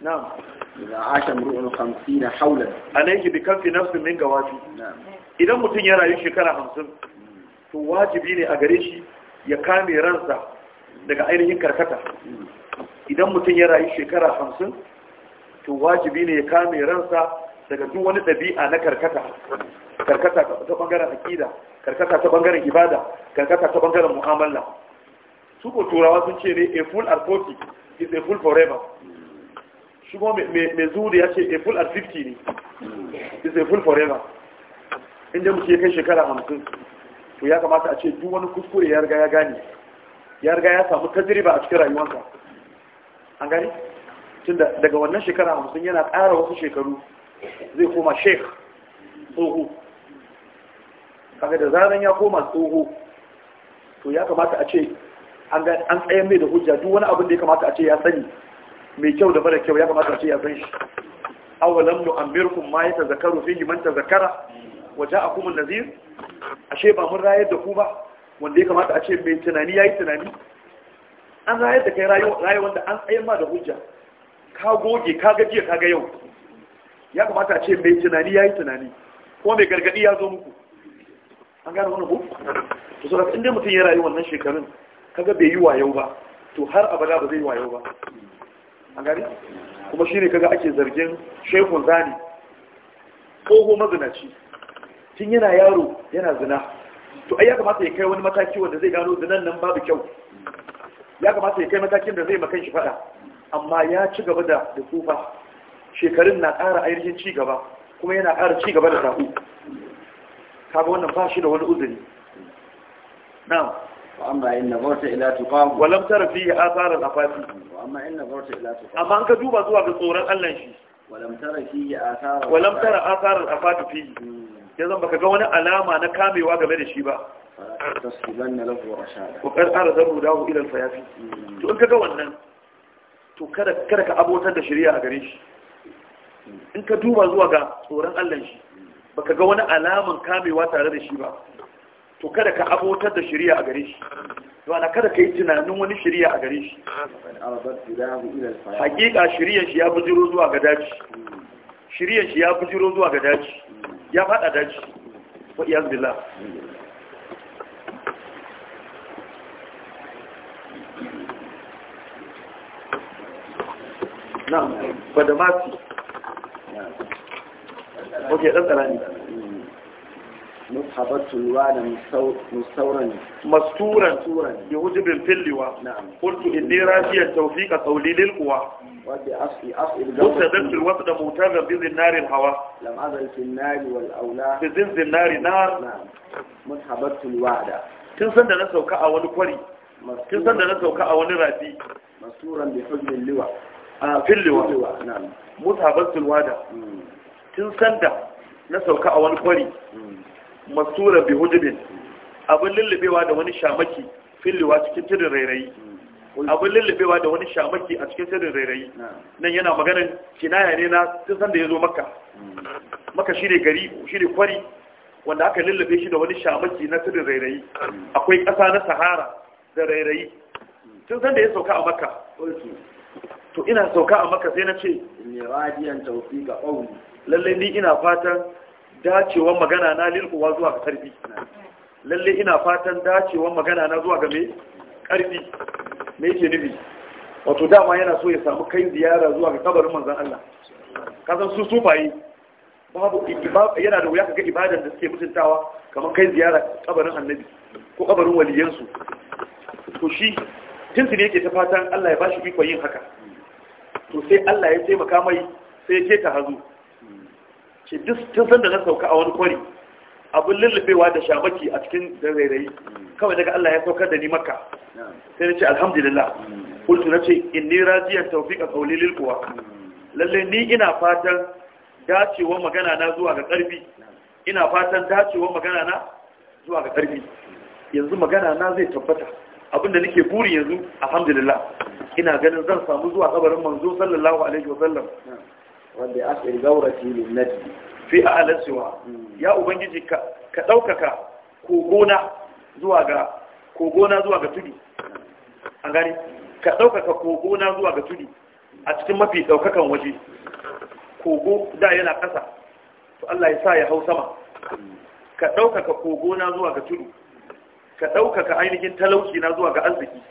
na'am idan asha mur'un 50 hawlan alayhi bi kafi nafsi min gawafi idan mutum ya rayu shekara 50 to wajibi ne a gare shi ya kame ransa daga ainihin karkata idan mutum ya rayu shekara 50 to wajibi ne ya kame ransa daga duk wani ɗabi'a na karkata karkata ta bangaren Aqida, karkata ta bangaren ibada karkata ta bangaren mu'amala su ko turawa sun ce ne a full at 40 is a full forever su ko mai zuri ya ce a full at 50 ne is a full forever inda ke kai shekara hamsin to ya kamata a ce duk wani kuskure ya riga ya gane ya riga ya samu tajriba a cikin rayuwarsa an gani tunda daga wannan shekara hamsin yana ƙara wasu shekaru zai koma sheikh tsoho kaga da zaran ya koma tsoho to ya kamata a ce an tsaye mai da hujja duk wani abin da ya kamata a ce ya sani mai kyau da mara kyau ya kamata a ce ya san shi awalan mu amirkun ma ya tazakaru yi manta zakara Waje a kuma nazir ashe ba mun rayar da ku ba wanda ya kamata a ce mai tunani ya yi tunani an rayar da kai rayuwar da an tsaye ma da hujja ka goge ka ga jiya ka ga yau ya kamata a ce mai tunani ya yi tunani ko mai gargadi ya zo muku an gane wani bu? to saboda inda mutum ya rayu wannan shekarun kaga bai yi wayo ba to har abada ba zai yi wayo ba a gari kuma shi ne kaga ake zargin shekun zani tsoho mazinaci tun yana yaro yana zina to ai ya kamata ya kai wani mataki wanda zai gano zinan nan babu kyau ya kamata ya kai matakin da zai makan shi fada amma ya ci gaba da da tsufa shekarun na ƙara ainihin ci gaba kuma yana ƙara ci gaba da Ka kaga wannan ba shi da wani uzuri Na. amma in nazarta ila tuqam wa lam tara fihi atharan afati amma in nazarta ila tuqam amma ka duba zuwa ga tsoron Allah shi wa lam tara fihi atharan wa lam tara atharan afati fihi yanzu baka ga wani alama na kamewa game da shi ba tasbihanna lahu rashada wa qad arzahu dahu ila al-fayafi to in kaga wannan to kada kada ka abotar da shari'a a gare shi in ka duba zuwa ga tsoron Allah shi baka ga wani alaman kamewa tare da shi ba to kada ka abotar da shari'a a gare shi to ana kada ka yi tunanin wani shari'a a gare shi hakika shari'ar shi ya bujiro zuwa ga daji shari'ar shi ya bujiro zuwa ga daji ya fada daji wa iyaz billah na'am fadamati ok dan tsara ne mushabatun wa da musauran masturan bi hujubin filliwa qultu inni rajiyat tawfiqa qawli lil quwa wa bi asli asli mustadabtu alwasd mutaga bi zinnar alhawa lam azal fi an-nar wal awla fi zinnar nar wa'da tun san na sauka a wani kwari tun san da na sauka a wani rafi masuran bi hujubin da na sauka a wani kwari masura bi hujubin abin lullubewa da wani shamaki filiwa cikin tirin rairayi abin lullubewa da wani shamaki a cikin tirin rairayi nan yana maganin kinaya ne na tun san da ya zo maka hmm. maka shi ne gari shi ne kwari wanda aka lullube shi da wani shamaki na tirin rairayi hmm. akwai ƙasa na sahara da rairayi hmm. tun san da ya sauka a maka to ina sauka a maka sai na ce lallai ni ina fatan dacewar magana na lilkuwa zuwa ga karfi lalle ina fatan dacewar magana na zuwa ga mai karfi me yake nufi wato dama yana so ya samu kai ziyara zuwa ga kabarin manzan Allah kasan su sufaye babu yana da wuya kaga ibadan da suke mutuntawa kamar kai ziyara kabarin annabi ko kabarin waliyansu to shi su ne yake ta fatan Allah ya bashi ikon yin haka to sai Allah ya taimaka mai sai ya keta hazo ce tun sanda na sauka a wani kwari abin lullubewa da shamaki a cikin rairayi kawai daga Allah ya saukar da ni maka. sai na ce alhamdulillah kultu na ce in ni rajiyar ka kauli lilkuwa lalle ni ina fatan dacewa magana na zuwa ga ƙarfi ina fatan dacewa magana na zuwa ga ƙarfi yanzu magana na zai tabbata abinda nake buri yanzu alhamdulillah ina ganin zan samu zuwa kabarin manzo sallallahu alaihi wa sallam. wanda ya ne na ji" fi a alasiwa ya ubangiji ka ɗaukaka daukaka kogona zuwa ga kogona zuwa ga tudu A gani ka daukaka kogona zuwa ga tudu a cikin mafi daukakan waje kogo da yana kasa to Allah ya sa ya hau sama ka daukaka kogona zuwa ga tudu ka daukaka ainihin talauci na zuwa ga arziki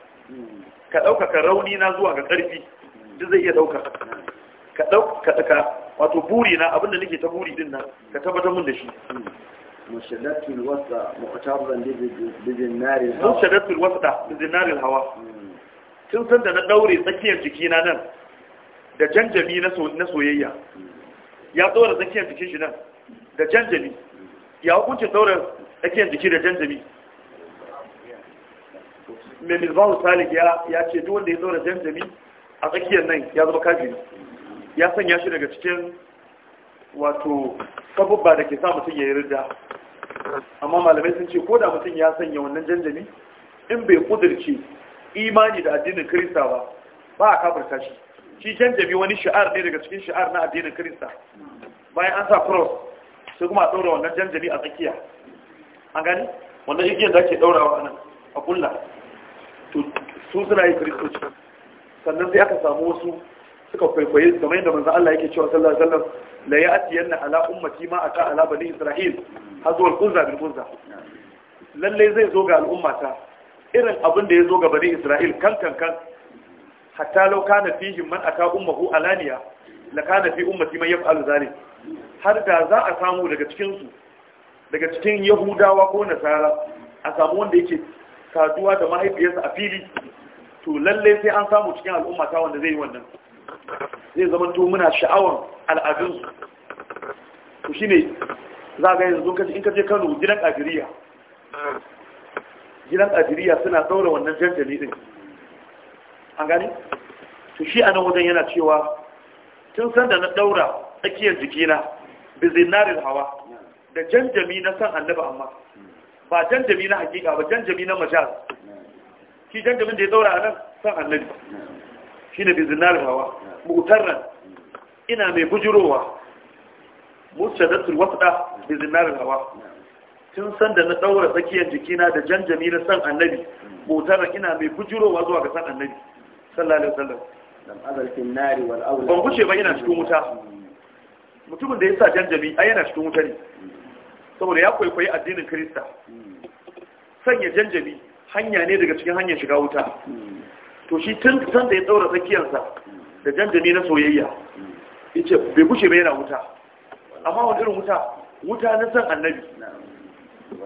ka daukaka rauni na zuwa ga karfi duk zai iya daukaka ka ɗauka, ka ɗaka wato buri na abinda nake ta buri din nan ka tabbatar mun da shi mushaddatul wasa muqtaran bi zinaril hawa mushaddatul wasa bi zinaril hawa hmm. tun san da na daure tsakiyar jikina nan da janjabi na soyayya hmm. ya daura tsakiyar jikin shi nan da janjabi, hmm. ya hukuncin daura tsakiyar jiki da janjabi. mai milbahu salik ya ce duk wanda ya daura janjabi a tsakiyar nan ya zama kafiri ya sanya shi daga cikin wato sabubba da ke sa mutum ya yi rida amma malamai sun ce ko da mutum ya sanya wannan janjami in bai kudirce imani da addinin kirista ba ba a kafarta shi shi janjami wani sha'ar ne daga cikin sha'ar na addinin kirista bayan an sa cross sai kuma a ɗaura wannan janjami a tsakiya an gani wannan igiyar da ake ɗaurawa nan a kulla su suna yi kristoci sannan sai aka samu wasu suka kwaikwaye kamar yadda manzo Allah yake cewa sallallahu alaihi wasallam la ya'tiyanna ala ummati ma aka ala bani isra'il al quzza bil quzza lalle zai zo ga al'ummata irin abin da ya zo ga bani isra'il kan kan kan hatta law kana fihim man aka ummuhu alaniya la kana fi ummati man yaf'al zalik har da za a samu daga cikin su daga cikin yahudawa ko nasara a samu wanda yake saduwa da mahaifiyarsa a fili to lalle sai an samu cikin al'ummata wanda zai yi wannan zai zama to muna sha'awan al'adunsu shi ne za ga yanzu zuwa in kaje Kano gidan ajiriya gidan ajiriya suna tsaura wannan jantali din an gani su shi anan wajen yana cewa tun sanda na daura tsakiyar jikina bi zinarin hawa da janjami na san annabi amma ba janjami na hakika ba janjami na majal shi janjamin da ya daura anan san annabi shine bi zinar hawa mutarran ina mai bujurowa mutadatul wasda bi zinar hawa tun san da na daura tsakiyar jikina da janjami na san annabi mutarran ina mai bujurowa zuwa ga san annabi sallallahu alaihi wasallam nari wal awla ban kuce ba ina cikin wuta mutumin da ya sa janjami ai yana cikin wuta ne saboda ya kwaikwayi addinin Kirista hmm. sanya janjami hanya ne daga cikin hanyar shiga wuta hmm. to shi tun san da ya tsaura tsakiyarsa da janjami na soyayya ya ce bai gushe bai yana wuta amma wani irin wuta wuta na san annabi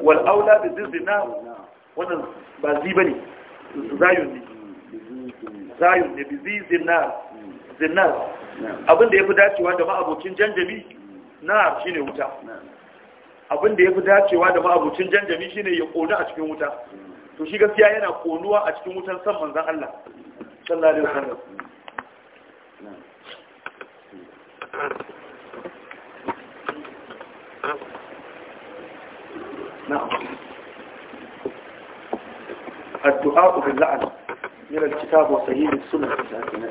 wal aula da zirzina wannan ba zi ba ne zayun ne zayun ne bi zi zinnar Abin abinda ya fi dacewa da ma'abocin janjami na shi ne wuta abinda ya fi dacewa da ma'abocin janjami shi ne ya kodi a cikin wuta to shi gaskiya yana konuwa a cikin wutan san manzan Allah sallallahu alaihi wasallam na'am addu'a bil la'an من الكتاب وصحيح السنة بسم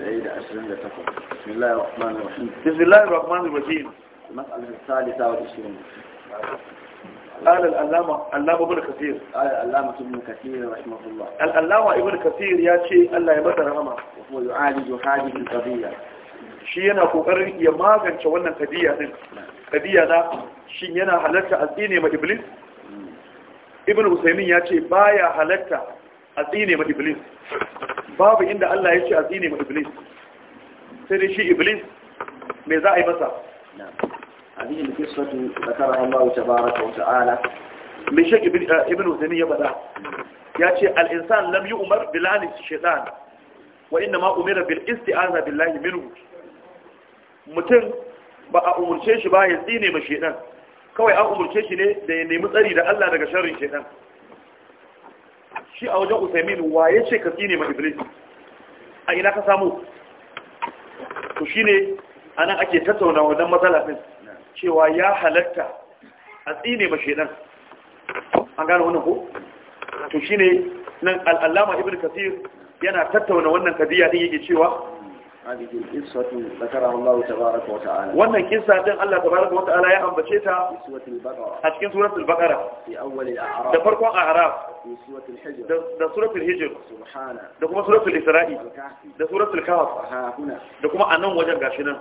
الله الرحمن الرحيم بسم الله الرحمن الرحيم المسألة الثالثة والعشرين قال الألامة الألامة ابن كثير الألامة ابن كثير رحمه الله الألامة ابن كثير يبدأ وهو يعالج هذه القضية shi yana kokarin ya magance wannan kadiya din kadiya na shin yana halatta addini ma iblis ibn usaymin ya ce baya halatta addini ma iblis babu inda Allah ya ce addini ma iblis sai shi iblis me za a yi masa هذه القصة ذكرها الله تبارك وتعالى من شيء ابن وثنية بدأ يأتي الإنسان لم يؤمر بلعنة الشيطان وإنما أمر بالاستعاذة بالله منه mutum ba a umarce shi ba ya tsine a shedan kawai an umarce shi ne da ya nemi tsari da Allah daga sharrin shedan shi a wajen Usaimin wa ya ce ka tsine ma ina ka samu to shine anan ake tattauna wannan matsala cewa ya halatta a tsine ba nan, an gane wannan ko to shine nan al-allama ibnu kathir yana tattauna wannan kadiya din yake cewa wannan kisa din Allah tabaraka wata'ala ya ambace ta a cikin suratul baqara da farkon a'raf da suratul hijr da kuma suratul isra'i da suratul kahf da kuma anan wajen gashi nan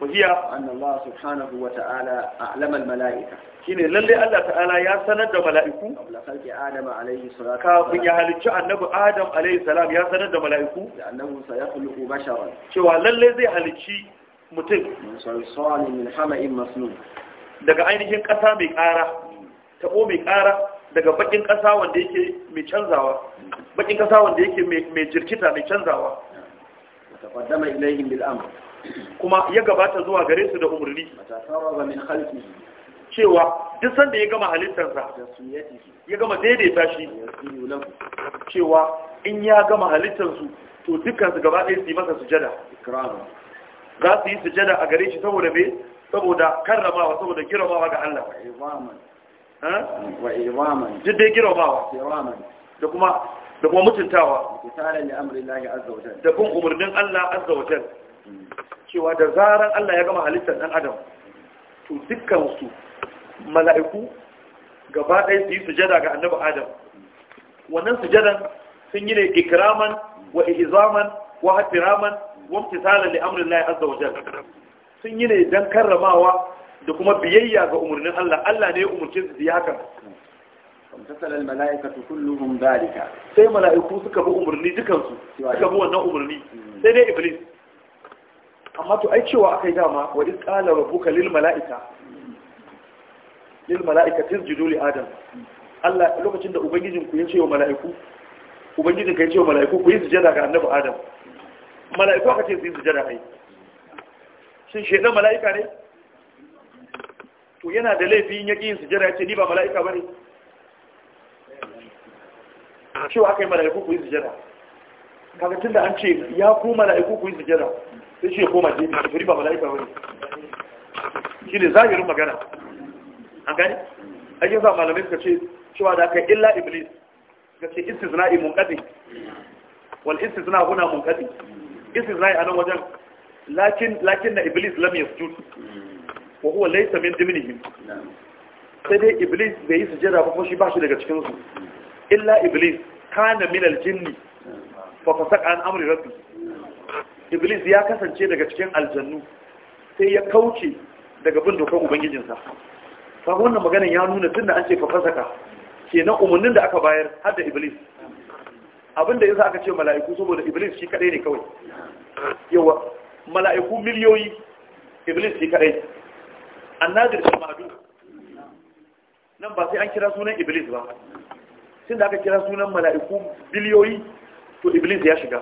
وهي أن الله سبحانه وتعالى أعلم الملائكة شين للي الله تعالى يا سند ملائكة قبل خلق آدم عليه الصلاة والسلام كافن يهلج النبي آدم عليه السلام يا سند ملائكة لأنه سيخلق بشرا شو للي زي هلجي متل من صلصال من حمأ مسنون daga ainihin ƙasa mai ƙara taɓo mai ƙara daga bakin ƙasa wanda yake mai canzawa bakin ƙasa wanda yake mai jirkita mai canzawa ta ƙaddama ilayhim bil amr kuma ya gabata zuwa gare su da umarni cewa duk sanda ya gama halittarsa ya gama daidaita shi cewa in ya gama halittarsu to dukkan su gaba ɗaya su yi masa sujada za su yi sujada a gare shi saboda me saboda karramawa saboda girmamawa ga Allah duk dai girmamawa da kuma da kuma mutuntawa da kuma umarnin Allah azza wa cewa da zaran Allah ya gama halittar ɗan adam to dukkansu mala'iku gaba ɗaya su yi sujada ga annaba adam wannan sujadan sun yi ne Ikiraman, wa izaman wa hatiraman wa imtisalan li amrin Allah azza wa sun yi ne don karramawa da kuma biyayya ga umarnin Allah Allah ne ya umarci su yi haka amtasala almalaikatu kulluhum dalika sai mala'iku suka bi umarni dukansu suka bi wannan umarni sai dai iblis amma to ai cewa aka yi dama wa iz qala rabbuka lil mala'ika lil mala'ika tisjudu li adam Allah lokacin da ubangijin ku ya ce wa mala'iku ubangijin ka ya ce wa mala'iku ku yi sujada ga annabi adam mala'iku aka ce su yi sujada ai shin shedan mala'ika ne to yana da laifin ya ƙi yin sujada ya ce ni ba mala'ika bane cewa aka yi mala'iku ku yi sujada kaga tunda an ce ya ku mala'iku ku yi sujada sai shi ya koma je kafiri ba mala'ika bane shi ne zahirin magana an gani ake sa malamai suka ce cewa da aka illa iblis suka ce istisna'i munqati wal istisna huna munqati istisna'i anan wajen lakin lakin na iblis lam yasjud wa huwa laysa min dimnihim sai dai iblis bai yi sujada ba ko shi ba shi daga cikin su illa iblis kana min aljinni fa fasaqa an amri rabbi iblis ya kasance daga cikin aljannu sai ya kauce daga bin dokar ubangijinsa fa wannan maganan ya nuna tunda an ce fafasaka ke na umarnin da aka bayar har da iblis abinda yasa aka ce mala'iku saboda iblis shi kadai ne kawai yawa mala'iku miliyoyi iblis shi kadai annadir shi madu nan ba sai an kira sunan iblis ba tunda aka kira sunan mala'iku biliyoyi to iblis ya shiga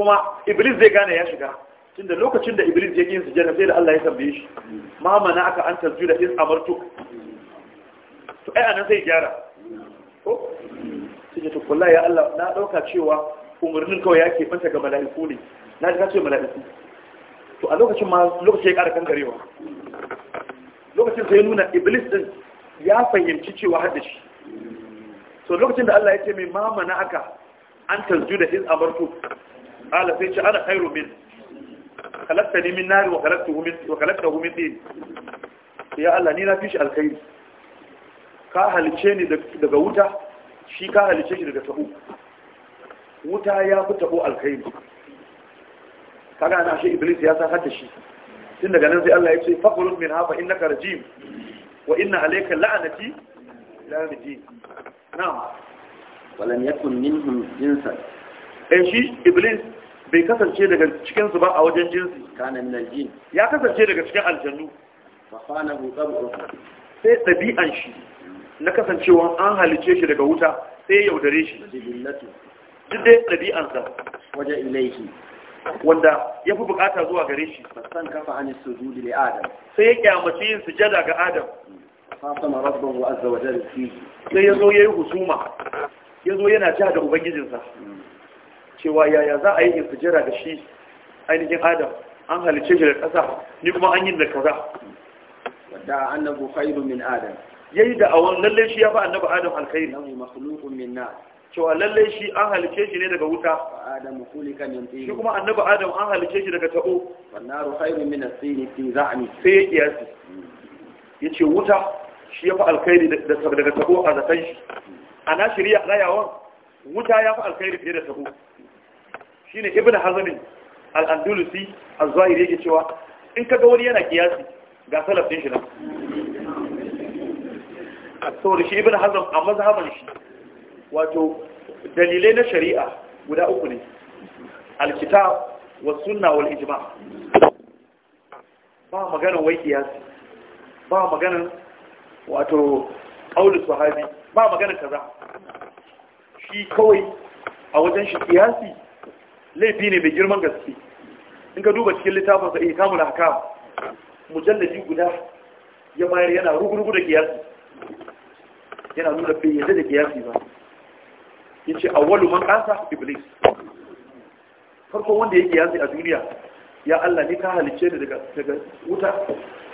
kuma iblis zai gane ya shiga tunda lokacin da iblis ya yin sujada sai da Allah ya tambaye shi ma mana aka an tasjuda is amartu to ai anan sai gyara ko sai ya tukulla ya Allah na dauka cewa umurnin kawai yake fanta ga mala'iku ne na ji kace mala'iku to a lokacin ma lokacin ya kara kankarewa lokacin sai nuna iblis din ya fahimci cewa hada shi so lokacin da Allah ya ce mai ma mana aka an da in amartu qala sai ce ana khairu min khalaqtani min nar wa khalaqtahu min wa khalaqtahu min tin ya Allah ni na fi shi alkhairi ka halice ni daga wuta shi ka halice shi daga tabo wuta ya fi tabo alkhairi kaga ana shi iblis ya sa hada shi tun daga nan sai Allah ya ce faqulun min hafa innaka rajim wa inna alayka la'anati ila rajim na'am walam yakun minhum jinsan eh shi iblis bai kasance daga cikin su ba a wajen jinsi kanan naljin ya kasance daga cikin aljannu fafana hutsabu sai ɗabi'an shi na kasancewa an halice shi daga wuta sai ya yaudare shi duk dai sa waje ilaihi wanda ya fi bukata zuwa gare shi san kafa an sujudi li adam sai ya kyamace yin sujada ga adam fasama rabbahu azza wa jalla sai yazo yayi husuma yazo yana ja da ubangijinsa mm. cewa yaya za a yi in sujira da shi ainihin adam an halice shi da ƙasa ni kuma an yi da kaza wadda annabu khairu min adam yayi da awon lalle shi ya fa annabi adam alkhairi nahu makhluqun min nar cewa lalle shi an halice shi ne daga wuta adam khuliqa min tin shi kuma annabi adam an halice shi daga ta'o wan naru khairu min as-sin fi za'mi sai ya kiyasi yace wuta shi ya fa alkhairi daga ta'o a zakan shi ana shirya rayawan wuta ya fa alkhairi fiye da ta'o shine ne Ibn al-andalusi az-zahiri yake cewa in kaga wani yana kiyasi ga salafin din shi nan saurin shi ibnu hazm a mazhaban shi wato dalilai na shari'a guda uku ne Alkita wa was sunna wal ijma ba magana wai kiyasi ba magana wato qaulus sahabi ba magana kaza shi kawai a wajen shi kiyasi laifi ne mai girman gaske in ka duba cikin littafinsa iya kamun haka mujallaji guda ya bayar yana rugurugu da kiyasi yana nuna bai yadda da kiyasi ba ya ce walu man kasa iblis farko wanda ya kiyasi a duniya ya Allah ne ka halicce ni daga wuta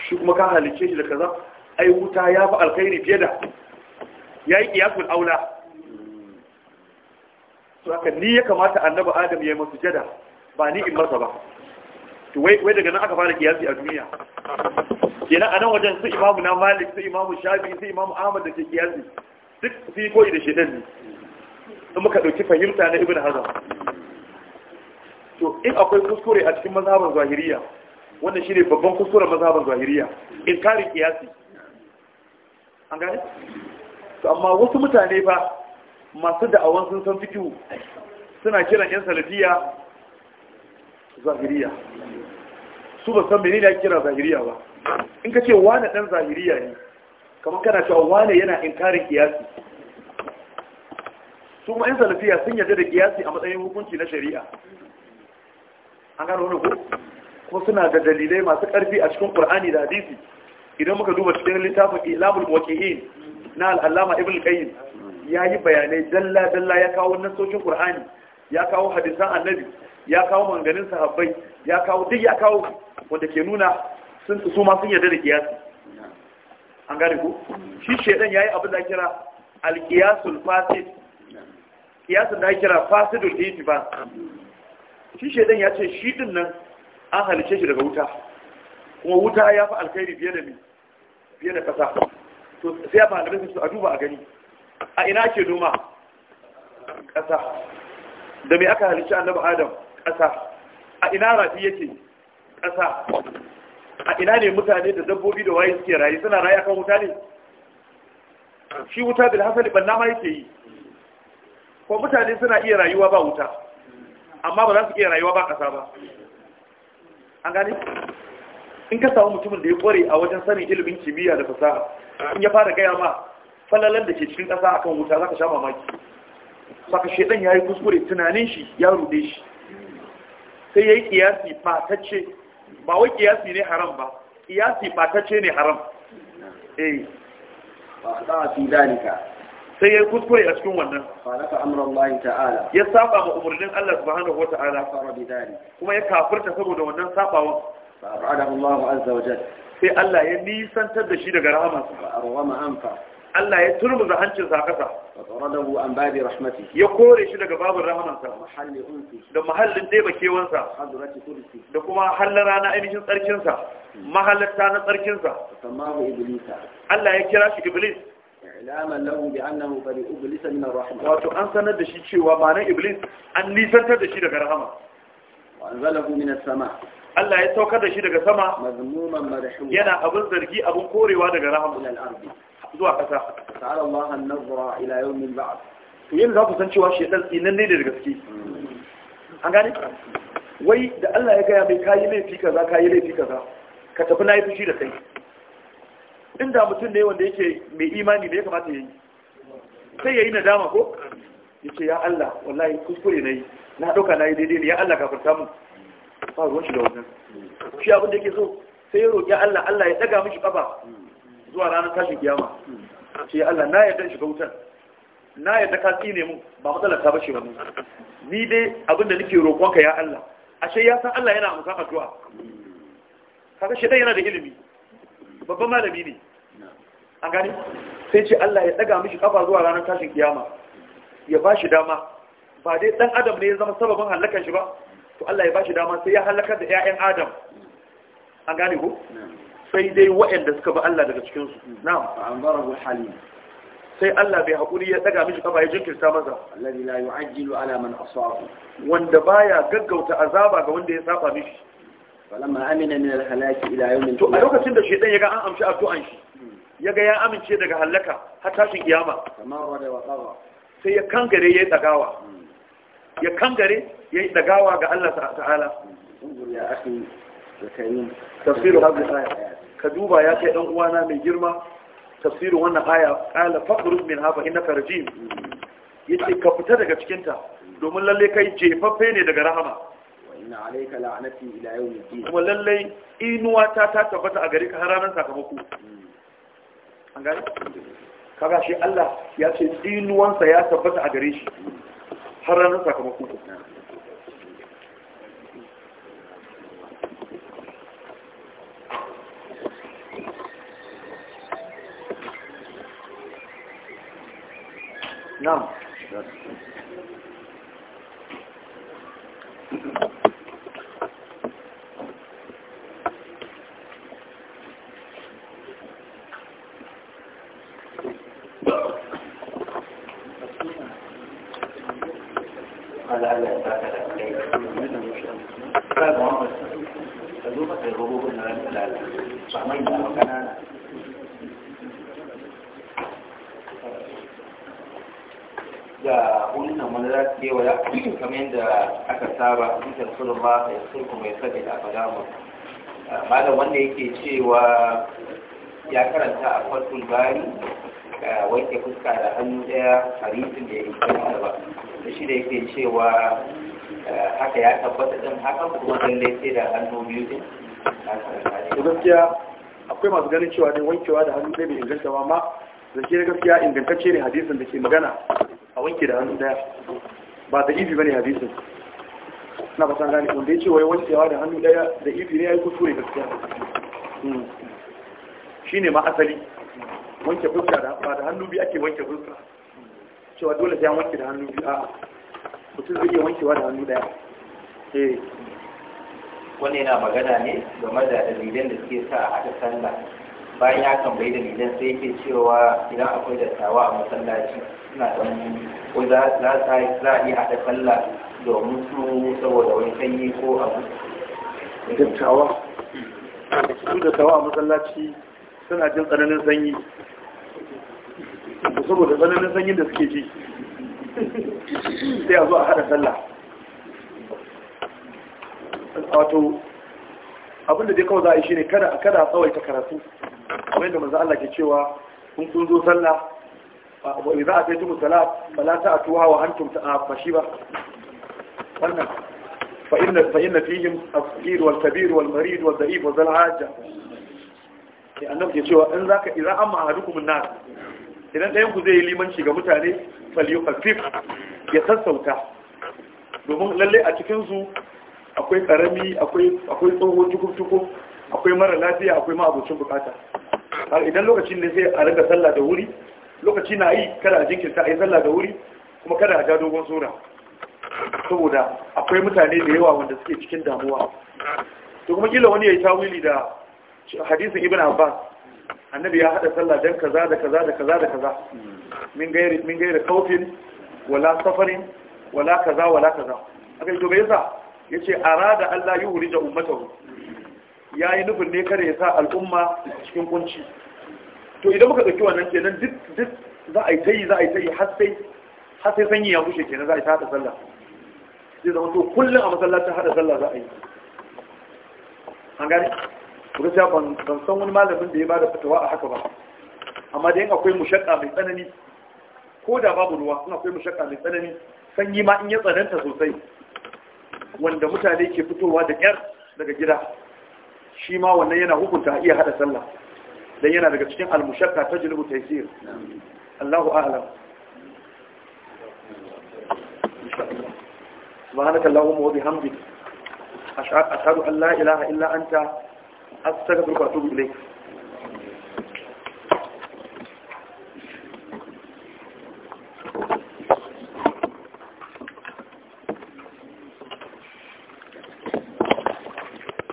shi kuma ka halicce shi daga kaza ai wuta ya fi alkhairi fiye da ya yi kiyasul aula to haka ni ya kamata annabi adam ya yi masu jada ba ni in masa ba to wai wai daga nan aka fara kiyasi a duniya kenan a nan wajen su imamu na malik su imamu shafi su imamu ahmad da ke kiyasi duk su yi koyi da shedan ne in muka ɗauki fahimta na ibn hazar to in akwai kuskure a cikin mazhaban zahiriya wannan shine babban kuskuren mazhaban zahiriya in kare kiyasi an gane to amma wasu mutane fa masu da'awan sun san fikihu suna kiran 'yan salafiya zahiriya su ba san menene ake kira zahiriya ba in ka ce wane dan zahiriya ne kamar kana cewa wane yana inkarin kiyasi su ma 'yan salafiya sun yarda da kiyasi a matsayin hukunci na shari'a an gano wani ko kuma suna da dalilai masu ƙarfi a cikin ƙur'ani da hadisi idan muka duba cikin littafin ilamul muwaqqi'in na al-allama ibn qayyim ya yi bayanai dalla-dalla ya kawo nasoshin ƙur'ani ya kawo hadisan annabi ya kawo manganin sahabbai ya kawo duk ya kawo wanda ke nuna sun su ma sun yarda da kiyasi an gane ku shi shedan yayi abin da kira al-qiyasul fasid kiyasin da kira fasidul ijban shi shedan ya ce shi din nan an halice shi daga wuta kuma wuta ya fi alkhairi fiye da mi fiye da kasa to sai ba da su a duba a gani a ina ke noma ƙasa da mai aka halicci annabi adam ƙasa a ina rafi yake ƙasa a ina ne mutane da dabbobi da waye suke rayu suna rayu akan wuta ne shi wuta bil hasali banna ma yake yi ko mutane suna iya rayuwa ba wuta amma ba za su iya rayuwa ba ƙasa ba an gane in ka samu mutumin da ya kware a wajen sanin ilimin kimiyya da fasaha in ya fara gaya ma falalar da ke cikin ƙasa akan wuta za ka sha mamaki saka shaidan ya yi kuskure tunanin shi ya rude shi sai ya yi ƙiyasi ɓatacce ba wai ƙiyasi ne haram ba ƙiyasi ɓatacce ne haram eh ba da fi dalika sai ya yi kuskure a cikin wannan faraka amuran ta'ala ya saba ma umarnin allah subhanahu wa ta'ala kuma ya kafirta saboda wannan sabawa fa'adahu allah azza wa jalla sai allah ya nisantar da shi daga rahama sa fa'arwa ma'anfa Allah ya turmuza hancin sa kasa faradahu an babi rahmati ya kore shi daga babin rahmansa mahalli unsi da mahallin dai bakewan sa hadrati kursi da kuma hallara rana ainihin tsarkin sa hmm. mahallatta na tsarkin sa samahu iblisa Allah ya kira shi iblis ilaman lahu bi annahu qad iblisa min arrahman wato an sanar da shi cewa ma'anar iblis an nisantar da shi daga rahama wa anzalahu min as-sama Allah ya saukar da shi daga sama mazmuman madhhum yana abin zargi abin korewa daga rahama ila ardi zuwa kasa ta'ala Allah an nazara ila yawmin ba'd to yin za ku san cewa shedan tsinan ne da gaske an gane wai da Allah ya gaya mai kayi laifi kaza kayi laifi kaza ka tafi na yi fushi da kai inda mutum ne wanda yake mai imani da ya kamata ya yi sai ya yi nadama ko ya ce ya Allah wallahi kuskure na yi na ɗauka na yi daidai ne ya Allah ka furta mu ba ruwan shi da wannan shi abin da yake so sai ya roƙi Allah Allah ya ɗaga mishi ƙafa zuwa ranar tashi kiyama ce Allah na yadda shiga wutar na yadda ka tsine mu ba matsala ta bace ba mu ni dai abinda nake roƙon ka ya Allah ashe ya san Allah yana amsa addu'a kaga dai yana da ilimi babban malami ne an gani sai ce Allah ya daga mishi kafa zuwa ranar tashin kiyama ya ba shi dama ba dai dan adam ne ya zama sababin halakar shi ba to Allah ya ba shi dama sai ya halakar da ƴaƴan adam an gane ko sai dai waɗanda suka ba Allah daga cikin su na'am fa anzarahu halim sai Allah bai hakuri ya daga mishi kafa ya jinkirta maza. alladhi la yu'ajjilu ala man wanda baya gaggauta azaba ga wanda ya saba mishi falamma amina min ila yawm to a lokacin da shedan ya ga an amshi addu'an shi hmm. ya ga ya amince daga halaka har tashin kiyama sai ya kangare yayi dagawa hmm. ya kangare yayi dagawa ga Allah ta'ala hmm. ya akhi tafsir hadhihi al-ayat ka duba ya kai dan uwana mai girma tafsirin wannan aya qala faqruz min hafa innaka rajim yace ka fita daga cikin ta domin lalle kai jefaffe ne daga rahama inna alayka la'anati ila yawmi kuma lalle inuwa ta ta tabbata a gare ka har ranar sakamako an gani kaga shi Allah ya ce inuwansa ya tabbata a gare shi har ranar sakamako نعم saba in tansurun ma ya sulku mai sabi da fadamu malam wanda yake cewa ya karanta a fatul bari wanke fuska da hannu daya harisin da yake yi kan ba da shi da yake cewa eh, haka ya tabbata din hakan kuma zan laifin da hannu biyu din gaskiya akwai masu ganin cewa ne wankewa da hannu zai bai inganta ba ma zance na gaskiya ingantacce ne hadisin da ke magana a wanke da hannu ɗaya ba da ifi ba ne hadisin na fasan gane wanda ya ce wai wancewa da hannu daya da ifi ne ya yi kuskure gaskiya hmm. shi ne ma asali wanke fuska ba da hannu biyu ake wanke fuska cewa dole sai an wanke da hannu biyu a mutum zai iya wankewa da hannu daya eh wani yana magana ne game da dalilan da suke sa a haɗa sallah bayan ya tambayi dalilan sai yake cewa idan akwai dattawa a masallaci suna ɗan ko za a iya haɗa sallah domin su saboda wani sanyi ko abu dattawa su dattawa a matsalaci suna jin tsananin sanyi saboda tsananin sanyin da suke ji sai a zo a hada sallah wato abinda dai kawai za a yi shi ne kada a tsawaita karatu kamar yadda manzo Allah ke cewa kun kun zo sallah ba wa idza ataytum salat fala ta'tuha wa a ta'afashi ba wannan فإن, فإن فيهم الصغير والكبير والمريض والضعيف وذا الحاجة annabi ke cewa in zaka idan an ma'adukum nas idan ɗayan ku zai yi limanci ga mutane falyukhafif ya sassauta domin lalle a cikin su akwai karami akwai akwai tsoho tukuf akwai mara lafiya akwai ma'abucin bukata har idan lokacin ne sai a riga sallah da wuri lokaci na yi kada a jinkirta a yi sallah da wuri kuma kada a ja dogon sura saboda akwai mutane da yawa wanda suke cikin damuwa to kuma kila wani ya yi tawili da hadisin ibn abbas annabi ya hada sallah dan kaza da kaza da kaza da kaza min gairi min gairi kaufin wala safarin wala kaza wala kaza akai to me yasa yace arada Allah yuhrija ummatahu yayi nufin ne kare ya sa al'umma cikin kunci to idan muka dauki wannan kenan duk duk za a yi tayi za a yi tayi har sai har sai sanyi ya bushe kenan za a yi ta sallah zai zama to kullum a masallacin hada sallah za a yi an gani kuma sai ban ban san wani malamin da ya bada fatawa a haka ba amma da akwai mushakka mai tsanani ko da babu ruwa in akwai mushakka mai tsanani sanyi ma in ya tsananta sosai wanda mutane ke fitowa da kyar daga gida shi ma wannan yana hukunta iya hada sallah dan yana daga cikin almushakka ta julubu taysir Allahu a'lam subhanaka allahumma wa bihamdika ashhadu an la ilaha illa anta astaghfiruka wa atubu ilayk